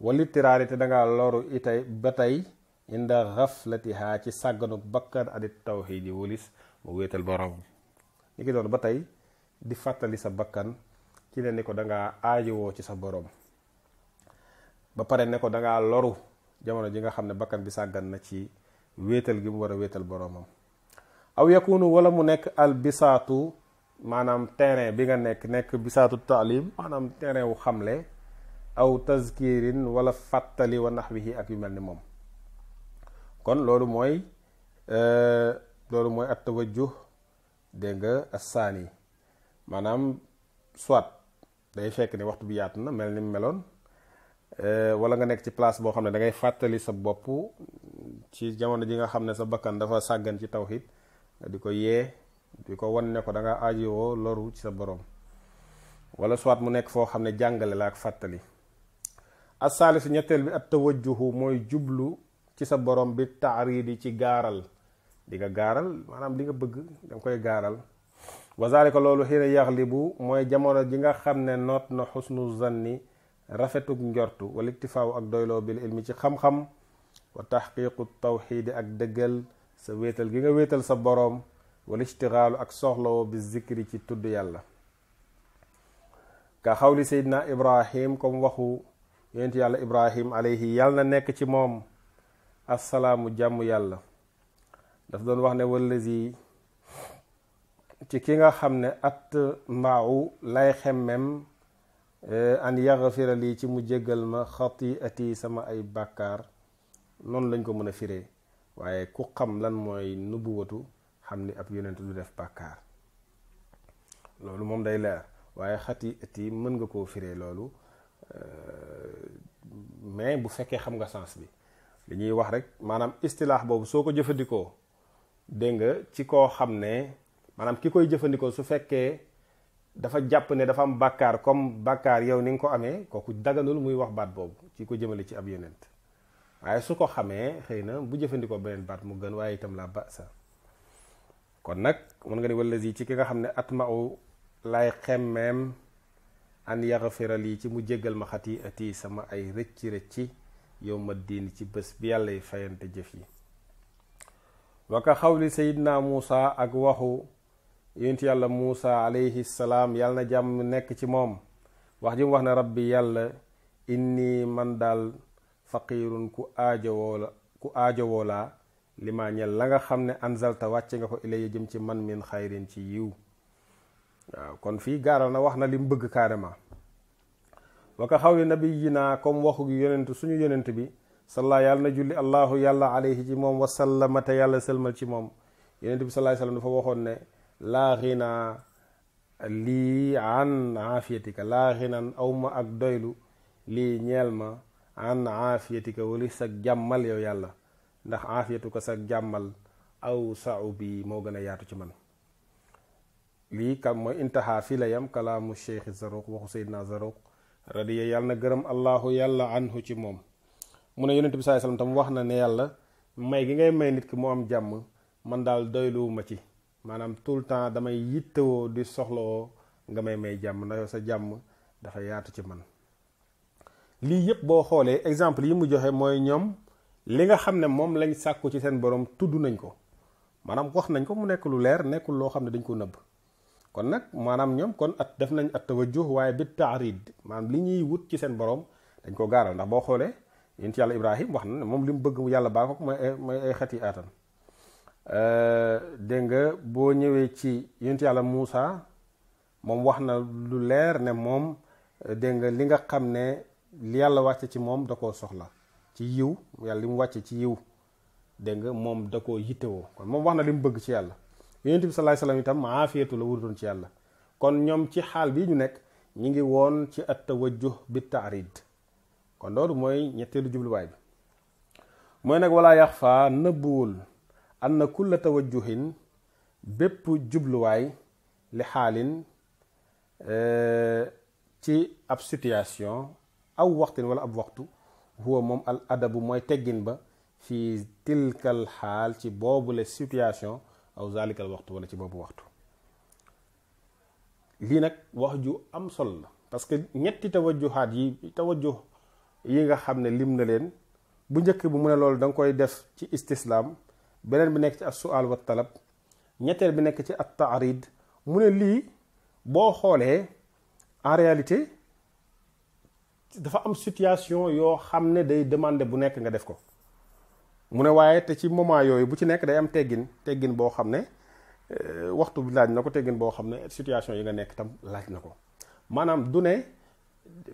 wali tiraari te da ngaa loru itay ba tey inda xaflatihaa ci sàgganu bakkan adit tawxiid yi walis mu wéetal borom ñi ki doon ba tey di fàttali sa bakkan ki ne ni ko dangaa aajowoo ci sa boroom ba pare ne ko dangaa loru jamono ji nga xam ne bakkan bi sàggan na ci wéetal gi mu war a wéetal boroomam aw yakunu wala mu nekk al bisaatu maanaam terrain bi nga nekk nekk bisaatu taalim maanaam terrain wu xamle aw tazkirin wala fàttali wa naxwihi ak yu mel ni moom kon loolu mooy euh, loolu mooy at tawajjuh dégg nga assaani maanaam soit day fekk ni waxtu bi yaatu na mel ni mu meloon euh, wala nga nekk ci place boo xam ne dangay ngay fàttali sa bopp ci jamono ji nga xam ne sa bakkan dafa sàggan ci tawxid di ko yee di ko wan ne ko da nga aajowoo loru ci sa borom wala soit mu nekk foo xam ne jàngale la ak fàttali asaalis ñetteel bi at tawajjuhu mooy jublu ci sa borom bi taaridi ci gaaral di nga gaaral maanaam li nga bëgg danga koy gaaral wa zalika loolu xiina yaxlibu mooy jamono ji nga xam ne noot na xusnu zanni rafetug njort wala iktifaawu ak doyloo bil ilmi ci xam-xam wa taxqiqu tawxiidi ak dëggal sa wéetal gi nga wéetal sa boroom wala istigaalu ak soxlawoo bi zikri ci tudd yàlla ka xawli seydina ibrahim comme waxu yonent yàlla ibrahim alayhi yàlla nekk ci moom assalaamu jàmm yàlla daf doon wax ne wallazi ci ki nga xam ne at mbaaw lay xemmem eh, an yaxafira lii ci mu jéggal ma xatiati sama ay bàkkaar noonu lañ ko mën a firee waaye ku xam lan mooy nubuwatu xam ni ab yonent du def bàkkaar loolu moom day leer waaye xatiati mën nga koo firee loolu eh, mais bu fekkee xam nga sens bi li ñuy wax rek maanaam istilaax boobu soo ko jëfandikoo dégg nga ci koo xam ne maanaam ki koy jëfandikoo su fekkee dafa jàpp ne dafa am bàkkaar comme bàkkaar yow ni nga ko amee kooku daganul muy wax baat boobu ci ko jëmale ci ab yonent waaye su ko xamee xëy na bu jëfandikoo beneen baat mu gën waaye itam la ba sa kon nag mën nga ne wallazi ci ki nga xam ne at atmau lay xemmeem an yaxafira lii ci mu jéggal ma xat yi sama ay rëcci rëcci yow ma diin ci bés bi yàlla fayante jëf yi waka xawli sayidna Muusa ak waxu yonent yàlla muusa alayhi salaam yàlla na jàmm nekk ci moom wax ji wax na rab bi yàlla inni man daal faqiirun ku aajowoo la ku laa li la nga xam ne anzalta wàcce nga ko ilay jëm ci man min xayrin ci yiw waaw kon fii gaaral na wax na li bëgg carrément wa ka xaw li nabiyi naa comme waxu yonent suñu yonent bi salla yàlla na julli allahu yàlla alayhi ci moom wasallama te yàlla sëlmal ci moom yonent bi sallallahu alayhi wasallam dafa waxoon ne laa xinaa lii an aafiyatika laa xinan awma ak doylu lii ñeel ma an aafiyatika wali sa jàmmal yow yàlla ndax aafiyatu ko sa jàmmal aw sau bi moo gën a yaatu ci man lii kam mooy intahaa fii kalaamu cheikh zaruq waxu seydina zaruq radiya yàlla na gërëm allahu yàlla anhu ci moom mu ne yonent bi saai sallam tam wax na ne yàlla may gi ngay may nit ki mu am jàmm man daal doyluwuma ci maanaam tout le temps damay yittewoo di soxlawoo nga may may jàmm ndax sa jàmm dafa yaatu ci man lii yëpp boo xoolee exemple yi mu joxe mooy ñoom li nga xam ne moom lañ sàkku ci seen borom tudd nañ ko maanaam wax nañ ko mu nekk lu leer nekkul loo xam ne dañ ko nëbb kon nag maanaam ñoom kon at def nañ at tawajjuh waaye bi taarid maanaam li ñuy wut ci seen borom dañ ko gaaral ndax boo xoolee yéen ci yàlla Ibrahim wax na moom li mu bëgg yàlla baa ko mooy ay xeeti aatam Eh, dégg nga boo ñëwee ci yontu yàlla Muusa moom wax na lu leer ne moom eh, dégg nga li nga xam ne li yàlla wàcce ci moom da koo soxla ci yiw yàlla li mu wàcce ci yiw dégg nga moom da koo yittewoo kon moom wax na li mu bëgg ci yàlla yonent bi salaay salaam itam aafiyatu la doon ci yàlla kon ñoom ci xaal bi ñu nekk ñu ngi woon ci at tawajjuh bi taarid kon loolu mooy ñetteelu jubluwaay bi mooy nag walaa yax faa nëbbuwul anna kulla tawajjuhin bépp jubluwaay li xaalin eh, ci ab situation aw waxtin wala ab waxtu huwa moom al adabu mooy teggin ba fii tilkal xaal ci boobule situation aw zalikal waxtu wala ci boobu waxtu lii nag wax ju am solo la parce que ñetti tawajjuhaat yi tawajjuh yi nga xam ne lim na leen bu njëkk bi mu ne loolu danga koy def ci istislaam beneen bi nekk ci as sual wa talab ñetteel bi nekk ci at taarid mu ne lii boo xoolee en réalité dafa am situwation yoo xam ne day demander bu nekk nga def ko mu ne waaye te ci moment yooyu bu ci nekk day am teggin teggin boo xam ne euh, waxtu bi laaj na ko teggin boo xam ne situation yi nga nekk tam laaj na ko maanaam du ne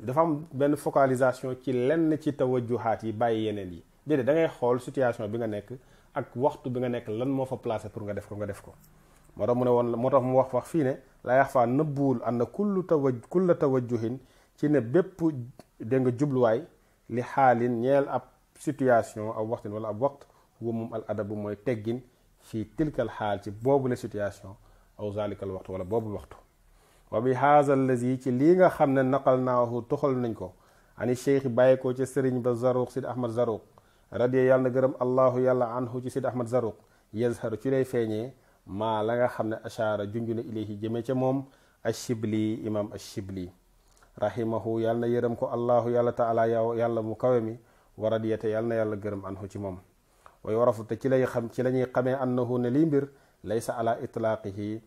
dafa am benn focalisation ci lenn ci tawajjuhaat yi bàyyi yeneen yi déedéet da ngay xool situation bi nga nekk ak waxtu bi nga nekk lan moo fa placé pour nga def ko nga def ko moo tax mu ne woon moo tax mu wax wax fii ne la yax faa nëbbuwul ànd kullu tawaj kulla tawajjuhin ci ne bépp dégg nga jubluwaay li xaalin ñeel ab situation ab waxtin wala ab waxt wa moom al adabu mooy teggin fii tilkal xaal ci la situation aw zalikal waxtu wala boobu waxtu wa bi haza ci lii nga xam ne naqal naahu toxal nañ ko ani cheikh bàyyi ko ca sëriñ ba zaruq sid ahmad zaruq radiya yàlla na gërëm allahu yàlla anhu ci sid ahmad zaruq yazharu ci lay feeñee maa la nga xam ne ashaara junju na ilayhi jëme ca moom ashibli imam ashibli rahimahu yàlla na yërëm ko allahu yàlla taala yaw yàlla mu kawe mi wa radiyate yàlla na yàlla gërëm anhu ci moom way warafu te ci lay la ñuy xamee annahu ne liy mbir laysa ala itlaqihi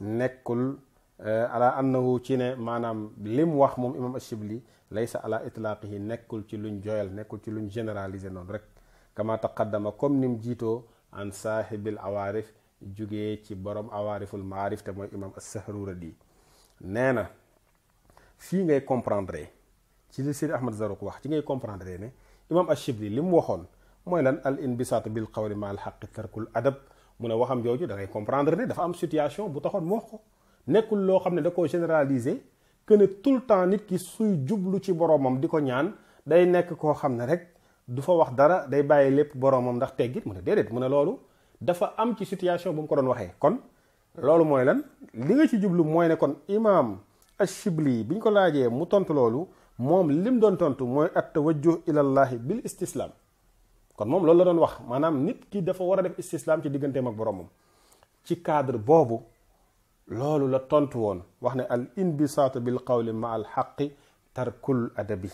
nekkul Euh, ala annahu ci ne maanaam lim wax moom imam ashibli laysa ala yi nekkul ci luñ joyal nekkul ci luñ généraliser noonu rek kama taqaddama comme ni mu jiitoo an saahibil awaarif jóge ci borom awaariful maarif te mooy imam as-sahruradi nee na fii ngay comprendre ci li Sidi Ahmad Zarouk wax ci ngay comprendre ne imam ashibli li mu waxoon mooy lan al inbisaatu bil qawli ma al xaqi tarkul adab mu ne waxam jooju da comprendre ne dafa am situation bu taxoon mu ko nekkul loo xam ne da ko généraliser que ne tout le temps nit ki suy jublu ci boromam di ko ñaan day nekk koo xam ne rek du fa wax dara day bàyyi lépp boromam ndax teggit mu ne déedéet mu ne loolu dafa am ci situation bu mu ko doon waxee kon loolu mooy lan li nga ci jublu mooy ne kon imaam yi bi ñu ko laajee mu tontu loolu moom lim doon tontu mooy at tawajjuh ilallahi bil istislaam kon moom loolu la doon wax maanaam nit ki dafa war a def istislaam ci digganteem ak boromam ci cadre boobu loolu la tontu woon wax ne al inbisaatu bil qawli ma al xaqi tarkul adabi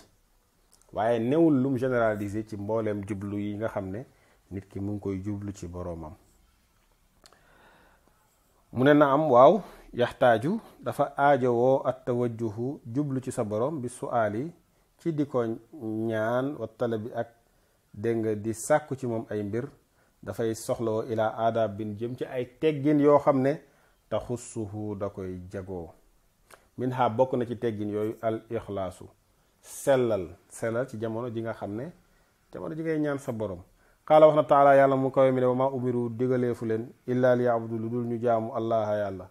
waaye newul lum généraliser ci mbooleem jublu yi nga xam ne nit ki mu ngi koy jublu ci boroomam mu ne na am waaw yaxtaaju dafa aajowoo at tawajjuhu jublu ci sa borom bi su suaali ci di ko ñaan wa talabi ak dégg nga di sàkku ci moom ay mbir dafay soxlawoo ilaa aadaab bin jëm ci ay teggin yoo xam ne taxussuhu da koy jagoo min bokk na ci teggin yooyu al ixlaasu sellal sellal ci jamono ji nga xam ne jamono ji ngay ñaan sa borom xaala wax na taala yàlla mu kawe mi ne ma umiru digaleefu leen illaa li yaabudu lu dul ñu jaamu allaha yàlla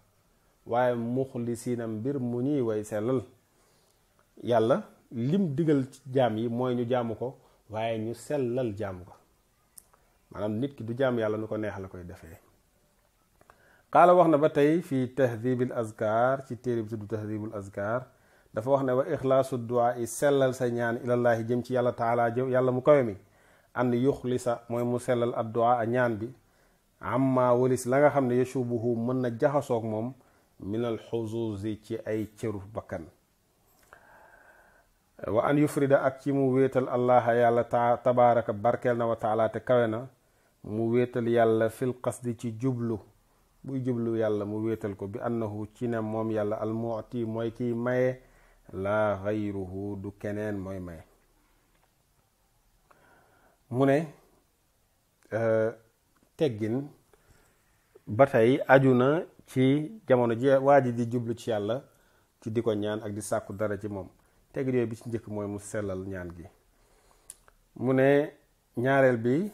waaye muxlisiina mbir mu ñuy way sellal yàlla lim digal jaam yi mooy ñu jaamu ko waaye ñu sellal jaamu ko maanaam nit ki du jaam yàlla nu ko neex la koy defee qaala wax na ba tey fii tahdibil azkar ci téere bi tudd tahdibul azkar dafa wax ne wa ixlaasu duwaa yi sellal sa ñaan ilallaahi jëm ci yàlla taalaa jëw yàlla mu kawe mi an yuxlisa mooy mu sellal ad duwaa a ñaan bi amma walis la nga xam ne yashubuhu mën na jaxasoog moom minal xuzuzi ci ay cëru bakkan wa an yufrida ak ci mu wéetal allaha yàlla ta tabaaraka barkeel na wa taala te kawe na mu wéetal yàlla fil qasdi ci jublu buy jublu yàlla mu wéetal ko bi annahu ci ne moom yàlla almuti mooy kiy maye laa xayruhu du keneen mooy maye mu ne euh, teggin ba tey aju na ci jamono ji waa ji di jublu ci yàlla ci di ko ñaan ak di sàkku dara ci moom teggin yooyu bi ci njëkk mooy mu sellal ñaan gi mu ne ñaareel bi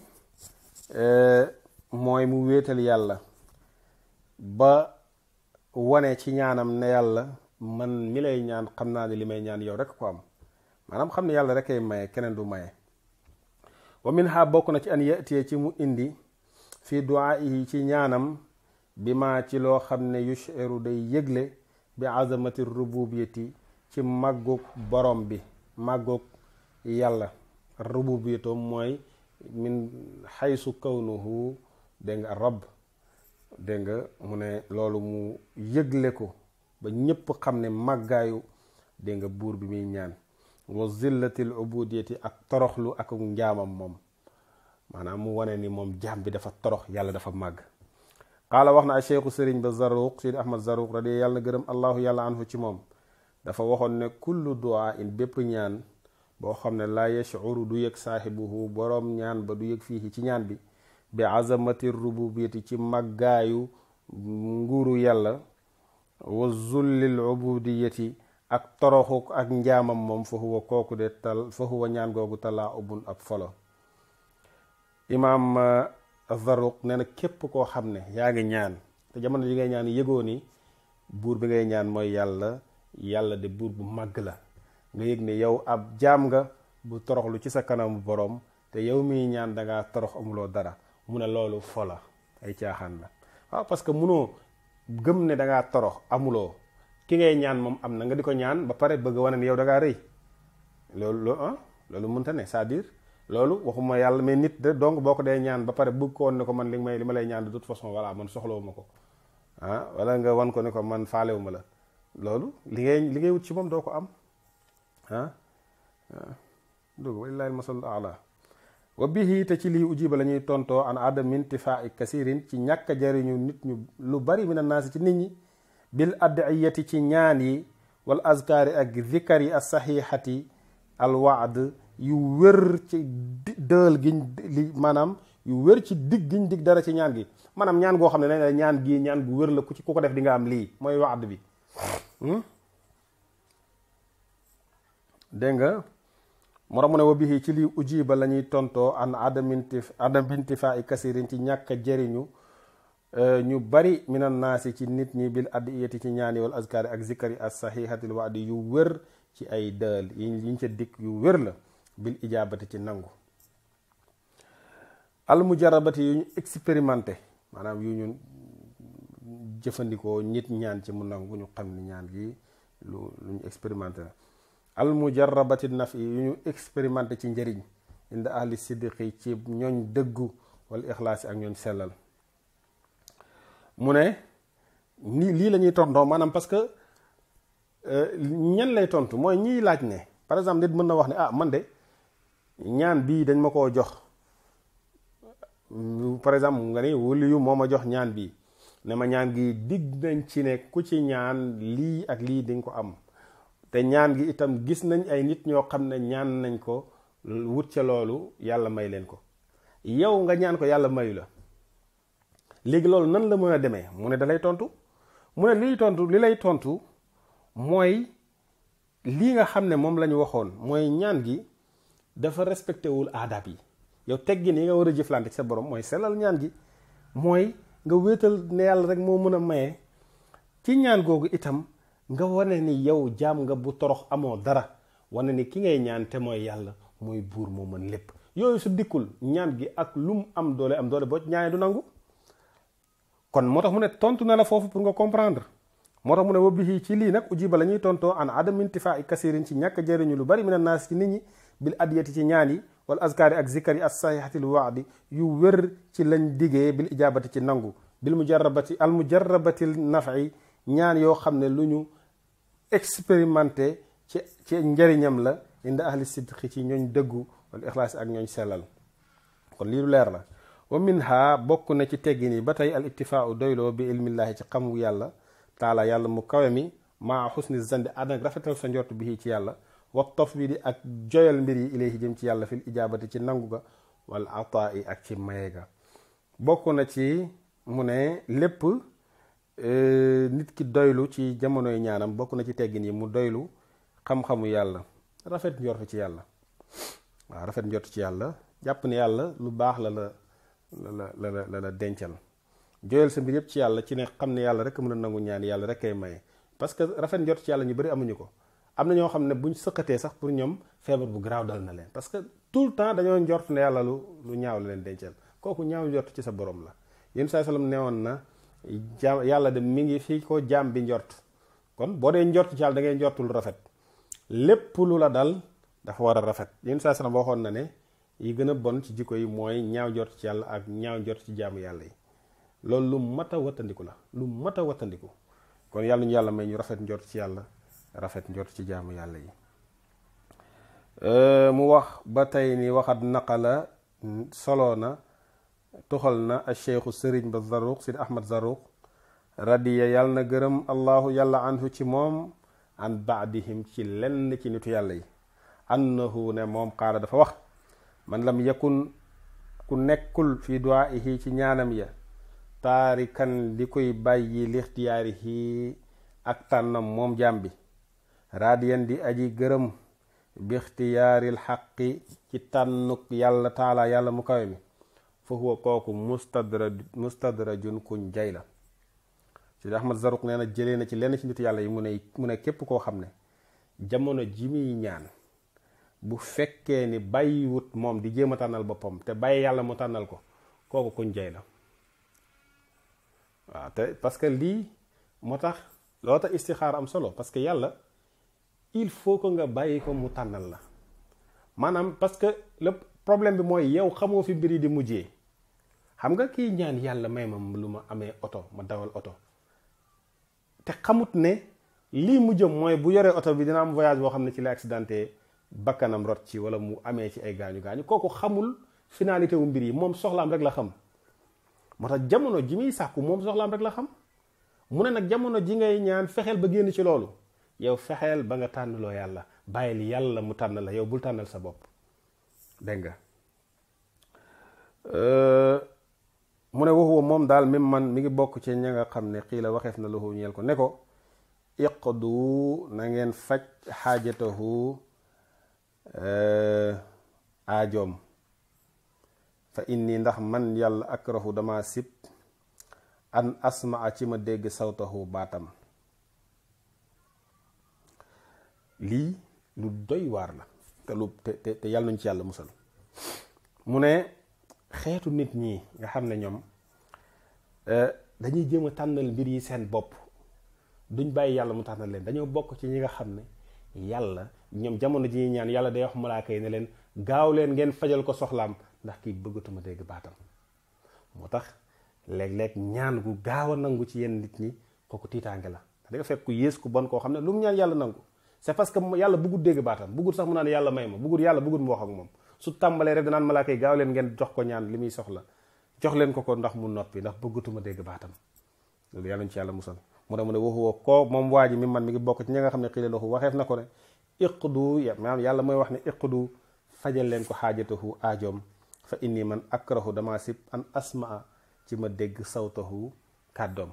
euh, mooy mu wéetal yàlla ba wane ci ñaanam ne yàlla man mi lay ñaan xam naa ne li may ñaan yow rekk ko am maanaam xam ne yàlla rek ay maye keneen du maye wa min ha bokk na ci an yatiye ci mu indi fii duaayi ci ñaanam bi ma ci loo xam ne yushiru day yëgle bi azamati rububiyati ci màggug borom bi màggug yàlla rububiyatoom mooy min xaysu kawnuhu dégg nga rab dégg nga mu ne loolu mu yëgle ko ba ñépp xam ne màggaayu dégg nga buur bi muy ñaan wa zillatil ubudiyati ak toroxlu ak njaamam moom maanaam mu wane ni moom jaam bi dafa torox yàlla dafa màgg xaala wax na ay cheikhu sëriñ ba zaruq sidi ahmad zaruq radi yàlla gërëm allahu yàlla anhu ci moom dafa waxoon ne kullu duaa in bépp ñaan boo xam ne laa yashuru du yëg saahibuhu boroom ñaan ba du yëg fii ci ñaan bi bi azamati rububiyati ci màggaayu nguuru yàlla wa zullil ubudiyati ak toroxuk ak njaamam moom fa huwa kooku de tal fa huwa ñaan googu talaa ubun ab folo imaam uh, Zarruq nee képp koo xam ne yaa ngi ñaan te jamono ji ngay ñaan yëgoo ni buur bi ngay ñaan mooy yàlla yàlla de buur bu màgg la nga yëg ne yow ab jaam nga bu toroxlu ci sa kanamu boroom te yow miy ñaan dangaa torox amuloo dara mu ne loolu fola ay caaxaan la waaw parce que munoo gëm ne dangaa ngaa torox amuloo ki ngay ñaan moom am na nga di ko ñaan ba pare bëgg wane ne yow da ngaa rëy loolu loolu ah loolu mënta ne c'est-à-dire loolu waxuma yàlla mais nit donc boo ko dee ñaan ba pare bëgg koon woon ne ko man li may li ma lay ñaan de toute façon voilà man soxlawuma ko ah wala nga wan ko ne ko man faalewuma la loolu li ngay li ngay wut ci moom doo ko am ah, ah. dugg walilahi masal ala wa bihi te ci lii ujiba la ñuy tontoo an adam intifaai kasirin ci ñàkk a jariñu nit ñu lu bari min annaasi ci nit ñi bil adiyati ci ñaan yi wal azkaari ak zikar yi assaxiixati alwaad yu wér ci dël giñ li maanaam yu wér ci dig giñ dig dara ci ñaan gi maanaam ñaan goo xam ne dañ ñaan gii ñaan gu wér la ku ci ku ko def di nga am lii mooy waad bi hmm? dégg moo tax mu ne wa bihi ci lii ujiba la ñuy tontoo an adaminti adamintifa i kasirin ci ñàkk jëriñu euh, ñu bari minan ci nit ñi bil addiyati ci ñaani wal azkaari ak zikari as saxihatil waadi yu wér ci ay dël yiñ ca dikk yu wér la bil ijaabati ci nangu al mujarabati yu ñu expérimenté maanaam yu ñu jëfandikoo nit ñaan ci mu nangu ñu xam ni ñaan gi lu lu ñu expérimenté la al mujarrabati naf yi yu ñu expérimenté ci njëriñ inda ahli siddiqi ci ñooñ dëggu wala ixlaas ak ñooñ sellal mu ne ni lii la ñuy tontoo maanaam parce que euh, ñen lay tontu mooy ñiy laaj ne par exemple nit mën na wax ne ah man de ñaan bii dañ ma ko jox mm, par exemple nga ne wali moo ma jox ñaan bii ne ma ñaan gi digg nañ ci ne ku ci ñaan lii ak lii dañ ko am te ñaan gi itam gis nañ ay nit ñoo xam ne ñaan nañ ko wut ca loolu yàlla may leen ko yow nga ñaan ko yàlla mayu la léegi loolu nan la mën a demee mu ne dalay tontu mu ne liy tontu li lay tontu mooy lii nga xam ne moom la ñu waxoon mooy ñaan gi dafa respecté wul aadab yi yow teggin yi nga war a jëflante sa borom mooy sellal ñaan gi mooy nga wéetal ne yàlla rek moo mën a maye ci ñaan googu itam nga wane ni yow jaam nga bu torox amoo dara wane ni ki ngay ñaan te mooy yàlla mooy buur moo mën lépp yooyu su dikkul ñaan gi ak lu mu am doole am doole boo ñaanee du nangu kon moo tax mu ne tontu na la foofu pour nga comprendre moo tax mu ne wa bihi ci lii nag ujiba la ñuy tontoo an adam intifaa i kasirin ci ñàkk jëriñu lu bari mina naas ci nit ñi bil adiyati ci ñaan yi wala azkaari ak zikar yi as saxihatil waadi yu wér ci lañ digee bil ijaabati ci nangu bil mujarabati al mujarabatil nafi ñaan yoo xam ne lu ñu expérimenté ci ci njëriñam la inda ahli sidqi ci ñooñ dëggu wal ixlaas ak ñooñ sellal kon lii lu leer la wa minha bokk na ci teggin yi ba tey al iktifaau doyloo bi ilmillaahi ci xamu yàlla taala yàlla mu kawe mi ma xusni zandi ànd ak rafetal sa njort bi ci yàlla wa di ak joyal mbir yi ilayhi jëm ci yàlla fi ijaabati ci nangu ga wal ataa yi ak ci maye ga bokk na ci mu ne lépp Euh, nit ki doylu ci jamonoy ñaanam bokk na ci teggin yi mu doylu xam-xamu yàlla rafet njort ci yàlla waa rafet njort ci yàlla jàpp yàlla lu baax la la la la la la dencal jooyal ci yàlla ci ne xam ne yàlla rek mën a nangu ñaan yàlla rek kay maye parce que rafet njort ci yàlla ñu bëri amuñu ko am na ñoo xam ne buñ sëqatee sax pour ñoom feebar bu garaaw dal na leen parce que tout le temps dañoo njort ne yàlla lu lu ñaaw la leen dencal kooku ñaaw njort ci sa boroom la yéen saa sallam neewoon na jaam yàlla de mi ngi fi ko jaam bi njort kon boo dee njort ci yàlla da ngay lu rafet lépp lu la dal dafa war a rafet yéen saa sana waxoon na ne yi gën a bon ci jikko yi mooy ñaaw njort ci yàlla ak ñaaw njort ci jaamu yàlla yi loolu lu mat a wattandiku la lu mat a wattandiku kon yàlla ñu yàlla may ñu rafet njort ci yàlla rafet njort ci jaamu yàlla yi mu wax ba tey ni waxat naqala solo na tuxal na a cheikhu sëriñ ba zaruq sid ahmad zaruq radiya yàlla na gërëm allahu yàlla anhu ci moom an baadihim ci lenn ci nitu yàlla yi annahu ne moom qaala dafa wax man lam yakun ku nekkul fi duwaayihi ci ñaanam ya taarikan di koy bàyyi lixtiyaarihi ak tànnam moom jaam bi radiyan di aji gërëm bi ixtiyaaril xaqi ci tànnuk yàlla taala yàlla mu kawe mi fa huwa kooku mustadraj mustadrajun kuñ jay la Seydi Ahmad Zarruq nee na jëlee na ci lenn ci nitu yàlla yi mu ne mu ne képp koo xam ne jamono ji muy ñaan bu fekkee ni bàyyiwut moom di jéem a tànnal boppam te bàyyi yàlla mu tànnal ko kooku kuñ jay la waaw te parce que lii moo tax loo tax istixaar am solo parce que yàlla il faut que nga bàyyi ko mu tànnal la maanaam parce que le problème bi mooy yow xamoo fi mbir yi di mujjee xam nga kii ñaan yàlla may ma lu ma amee oto ma dawal oto te xamut ne lii mu jëm mooy bu yoree oto bi dina am voyage boo xam ne ci la accidenté bakkanam rot ci wala mu amee ci ay gaañu gaañu kooku xamul finalité wu mbir yi moom soxlaam rek la xam moo tax jamono ji muy sàkku moom soxlaam rek la xam mu ne nag jamono ji ngay ñaan fexeel ba génn ci loolu yow fexeel ba nga tànnaloo yàlla bàyyil yàlla mu tànn la yow bul tànnal sa bopp dégg daal même man mi ngi bokk ci ña nga xam ne xii la waxeef na lahu ñeel ko ne ko iqdu na ngeen faj xaajatahu eh, aajoom fa indi ndax man yàlla akrahu dama sib an asmaa ci ma dégg sawtahu baatam lii lu doy waar la te lu te te yàlla nañ ci yàlla musal mu ne xeetu nit ñi nga xam ne ñoom Euh, dañuy jéem a tànnal mbir yi seen bopp duñ bàyyi yàlla mu tànnal leen dañoo bokk ci ñi nga xam ne yàlla ñoom jamono ji ñuy ñaan yàlla day wax malaaka yi ne leen gaaw leen ngeen fajal ko soxlaam ndax kii bëggatuma dégg baatam moo tax léeg-léeg ñaan gu a nangu ci yenn nit ñi la da nga fekk ku yées ku bon koo xam ne lu sax mu naan yàlla may ma bëggul yàlla bëggul mu wax ak moom su tàmbalee rek danaan malaaka yi gaaw leen ngeen jox ko ñaan li muy soxla jox leen ko ko ndax mu noppi ndax bëggatuma dégg baatam loolu yàlla ñu ci yàlla musal mu ne mu ne waxuwa ko moom waa ji mi man mi ngi bokk ci ñi nga xam ne xii leen waxu waxeef na ko ne iqdu maanaam yàlla mooy wax ne iqdu fajal leen ko xaajatahu aajoom fa indi man akrahu damaa sib an asmaa ci ma dégg saw sawtahu kàddoom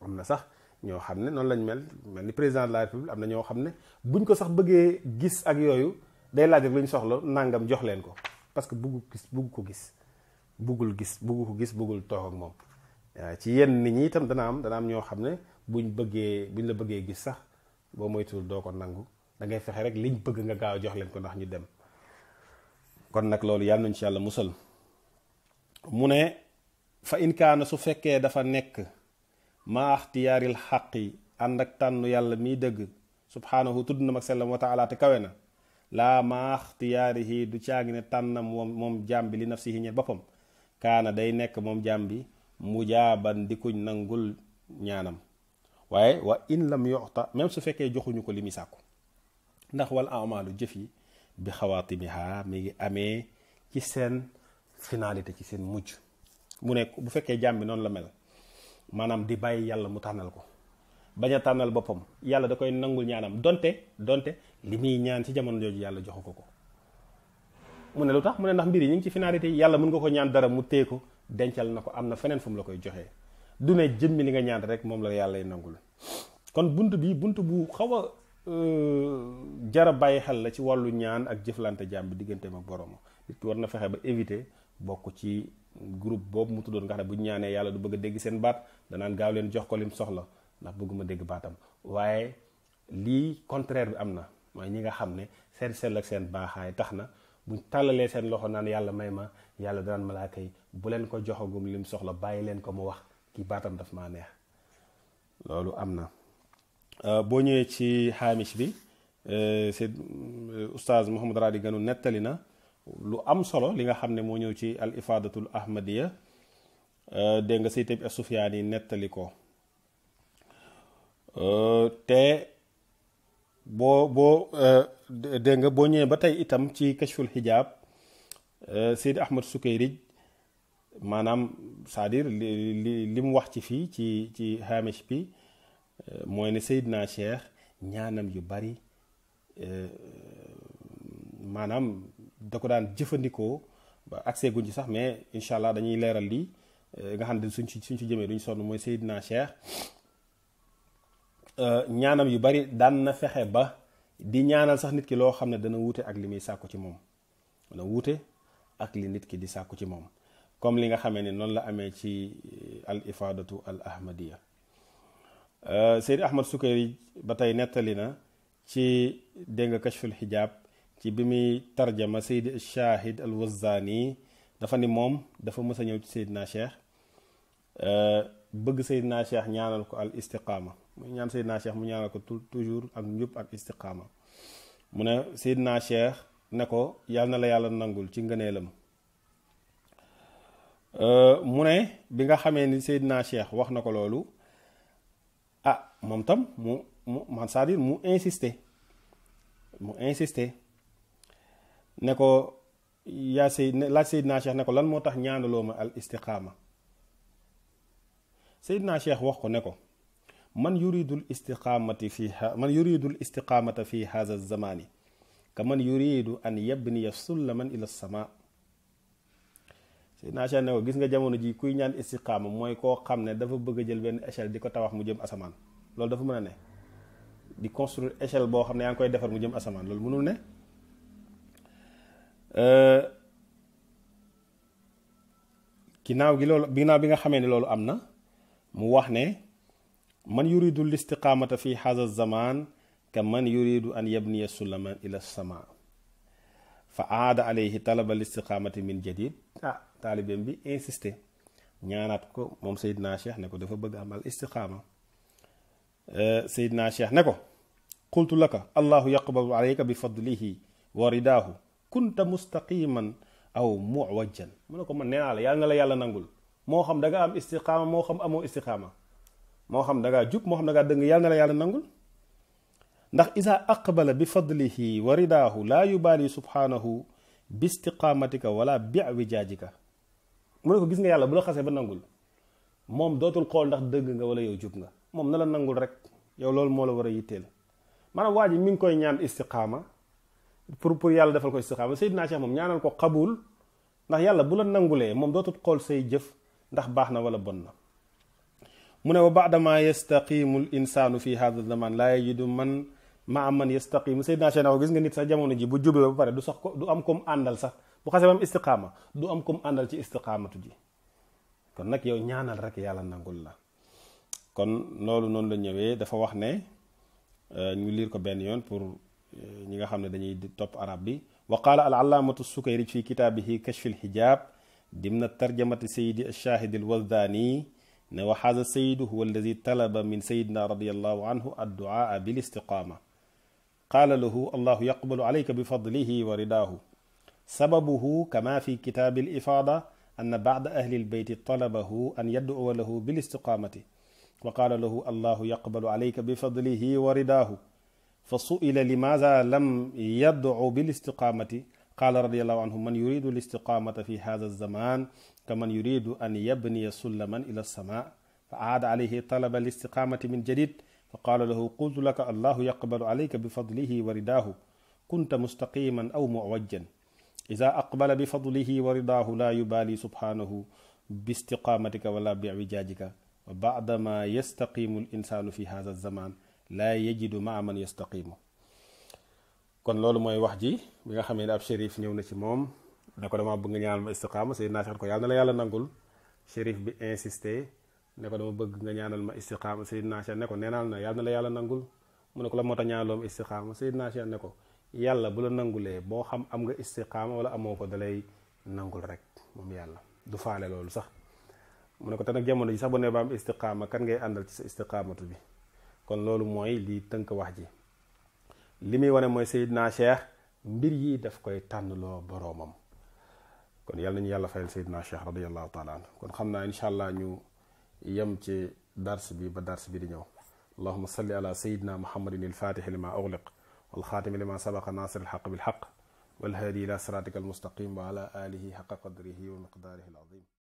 am na sax ñoo xam ne noonu lañ mel mel ni président de la république am na ñoo xam ne buñ ko sax bëggee gis ak yooyu day laaj rek lu soxla nangam jox leen ko parce que bugg gis bugg ko gis buggul gis buggu ko gis buggul toog ak moom ci yenn nit ñi itam dana am dana am ñoo xam ne buñ bëggee buñ la bëggee gis sax boo moytuwul doo ko nangu da fexe rek liñ bëgg nga gaaw jox leen ko ndax ñu dem kon nag loolu yàlla nañ ci yàlla musal mu ne fa inkaana su fekkee dafa nekk maa axtiyaaril xaqi ànd ak tànnu yàlla miy dëgg subhaanahu tudd na mag sellam wa kawe na laa maa axtiyaarihi du caagi ne tànnam moom moom jaam bi li nafsihi ñe boppam kaana day nekk moom jaam bi mujaaban di kuñ nangul ñaanam waaye wa in lam yoxta même su fekkee joxuñu ko li muy sàkku ndax wal amaalu jëf yi bi xawaatimiha mi ngi amee ci seen finalité ci seen mujj mu nekk bu fekkee jaam bi noonu la mel maanaam di bàyyi yàlla mu tànnal ko bañ a tànnal boppam yàlla da koy nangul ñaanam donte donte li muy ñaan ci jamono jooju yàlla joxu ko ko mu ne lu tax mu ne ndax mbir yi ñu ngi ci finalité yàlla mën nga ko ñaan dara mu téye ko dencal na ko am na feneen fu mu la koy joxee du ne jëmmi li nga ñaan rek moom la yàlla yi nangul kon bunt bi bunt bu xaw a euh, jara bàyyi xel la ci wàllu ñaan ak jëflante jaam bi digganteem ak boroomam nit ki war na fexe ba invité bokk ci groupe boobu mu tuddoon nga xam ne bu ñaanee yàlla du bëgg a dégg seen baat danaan gaaw leen jox ko leen soxla ndax bëgguma dégg baatam waaye lii contraire bi am na mooy ñi nga xam ne seen sell ak seen baaxaay tax na buñ tàllalee seen loxo naan yàlla may ma yàlla danaan malaaka yi bu leen ko joxagum lim soxla bàyyi leen ko mu wax kii baatam daf maa neex loolu am na euh, boo ñëwee ci xaamis bi euh, c'est euh, oustaz Mouhamadou Raadi Ganu nettali na lu am solo li nga xam ne moo ñëw ci al ifadatul ahmadiya dégg nga saytab as nettali ko te boo boo euh, dégg nga boo ñëwee ba tey itam ci kashful xijaab euh, Seydi Ahmad Sukayrij maanaam c'est-à-dire li li li mu wax ci fii ci ci hamish bi euh, mooy ne Seydina Cheikh ñaanam yu bari maanaam da ko daan jëfandikoo ba accès guñ sax mais incha allah dañuy leeral lii nga xam ne suñ ci suñ ci jëmee lu duñ sonn mooy naa Cheikh Euh, ñaanam yu bari daan na fexe ba di ñaanal sax nit ki loo xam ne dana wuute ak li muy sàkku ci moom dana wuute ak li nit ki di sàkku ci moom comme li nga xamee ni noonu la amee ci euh, al ifaadatu al ahmadiya euh, Seydi Ahmad Sukayri ba tey nettali na ci dégg nga kashful xijaab ci bi muy tarjama Seydi Shahid al Wazzani dafa ni moom dafa mës a ñëw ci Seydina Cheikh bëgg naa Cheikh ñaanal ko al istiqaama mu ñaan naa Cheikh mu ñaanal ko toujours ak njub ak istiqaama mu ne naa Cheikh ne ko yàlla na la yàlla nangul ci ngëneelam euh, mu ne bi nga xamee ni naa Cheikh wax na ko loolu ah moom tam mu mu man cest mu insisté mu insisté ne ko yaa Seyd laaj Seydina Cheikh ne ko lan moo tax ñaanaloo ma al istiqaama naa Cheikh wax ko ne ko man yuridu l istiqaamati fi man yuridu l istiqaamata fi haza zamaani ka man yuridu an yabniya sullaman ila sama Seydina Cheikh ne ko gis nga jamono ji kuy ñaan istiqaama mooy koo xam ne dafa bëgg a jël benn échelle di ko tawax mu jëm asamaan loolu dafa mën a ne di construire échelle boo xam ne yaa ngi koy defar mu jëm asamaan loolu mënul ne euh, ginnaaw gi loolu ginnaaw bi nga xamee ne loolu am na mu wax ne man yuridu listiqaamata fi haza zaman ka man yuridu an yabniya sulaman ila sama fa aada alayhi talaba listiqaamati min jadid ah bi insisté ñaanaat ko moom Seydina Cheikh ne ko dafa bëgg amal istiqaama euh, Seydina Cheikh ne ko qultu laka allahu yaqbalu alayka bi fadlihi wa ridaahu kunta mustaqiman aw muwajjan mu ne ko man nee naa la yàlla na la yàlla nangul moo xam da am istiqaama moo xam amoo istiqaama moo xam dangaa jub moo xam da ngaa dëng yàlla na la yàlla nangul ndax isa aqbala bi fadlihi wa ridaahu laa yubaali subhaanahu bi istiqaamatika wala bi wijaajika mu ne ko gis nga yàlla bu la xasee ba nangul moom dootul xool ndax dëgg nga wala yow jub nga moom na la nangul rek yow loolu moo la war a yitteel maanaam waa ji mi ngi koy ñaan istiqaama pour pour yàlla defal ko istiqaama Seydina Cheikh moom ñaanal ko xabul ndax yàlla bu la nangulee moom dootul xool say jëf ndax baax na wala bon na mu ne wa baadama yastaqimu l insaanu fi hada zaman laa yajidu man ma am man yastaqimu sayyidina Cheikh na ko gis nga nit sax jamono ji bu jubee ba pare du sax ko du am comme àndal sax bu xasee ba am istiqaama du am comme àndal ci istiqaamatu ji kon nag yow ñaanal rek yàlla nangul la kon loolu noonu la ñëwee dafa wax ne euh, ñu liir ko benn yoon pour euh, ñi nga xam ne dañuy topp arab bi wa qaala al allaamatu sukayrij fi kitaabihi kashfi lhijaab dimna tarjamati sayidi alshahidi alwaldani ne wa xaasa sayidu huwa alladi talaba min sayidina radiallahu anhu adduaa bil istiqaama qaala lahu allahu yaqbalu alayka bi fadlihi wa ridaahu sababuhu kama fi kitaabi l ifaada anna bacda ahli lbeyti talabahu an yadduwa lahu bil istiqaamati wa qaala lahu allahu yaqbalu alayka bi fadlihi wa ridaahu fa suila limaza lam yaddu bil istiqaamati qaala radiallahu anhu man yuridu l istiqaamata fi hada zaman kaman yuridu an yabniya sullaman ila lsama fa aada alayhi talaba listiqaamati min jadid fa qaala lahu qultu laka allahu yaqbalu alayka bi fadlihi wa ridaahu kunta mustaqiman aw muwajjan ida aqbala bi fadlihi wa ridaahu laa yubaali subhaanahu bi istiqaamatika wala bi wijaajika wa baadama yastaqimu l insaanu fi hada zaman laa yajidu maa man yastaqimu kon loolu mooy wax ji bi nga xamee ne ab shérif ñëw na ci moom ne ko dama bëgg nga ñaanal ma istiqaama Seydina Cheikh ko yàlla na la yàlla nangul bi insisté ne ko dama bëgg nga ñaanal ma istiqaama Seydina Cheikh ne ko neenaal na yàlla na la yàlla nangul mu ne ko la moo tax ñaanaloo ma istiqaama Seydina Cheikh ne ko yàlla bu la nangulee boo xam am nga istiqaama wala amoo ko dalay nangul rek moom yàlla du faale loolu sax mu ne ko te nag jamono ji sax bu ne ba am istiqaama kan ngay àndal ci sa istiqaamatu bi kon loolu mooy lii tënk wax ji li muy wane mooy Seydina Cheikh mbir yi daf koy tànnloo boroomam kon yàlla nañu yàlla fayal Seydina Cheikh radiallahu taala anhu kon xam naa incha allah ñu yem ci dars bi ba dars bi di ñëw allahuma salli ala sayidina muhammadin alfatixi lima ugliq walxaatimi lima sabaqa nasir alxaq bilxaq walhaadi ila siratika almustaqim wa ala alihi xaqa qadrihi wa miqdaarihi alazim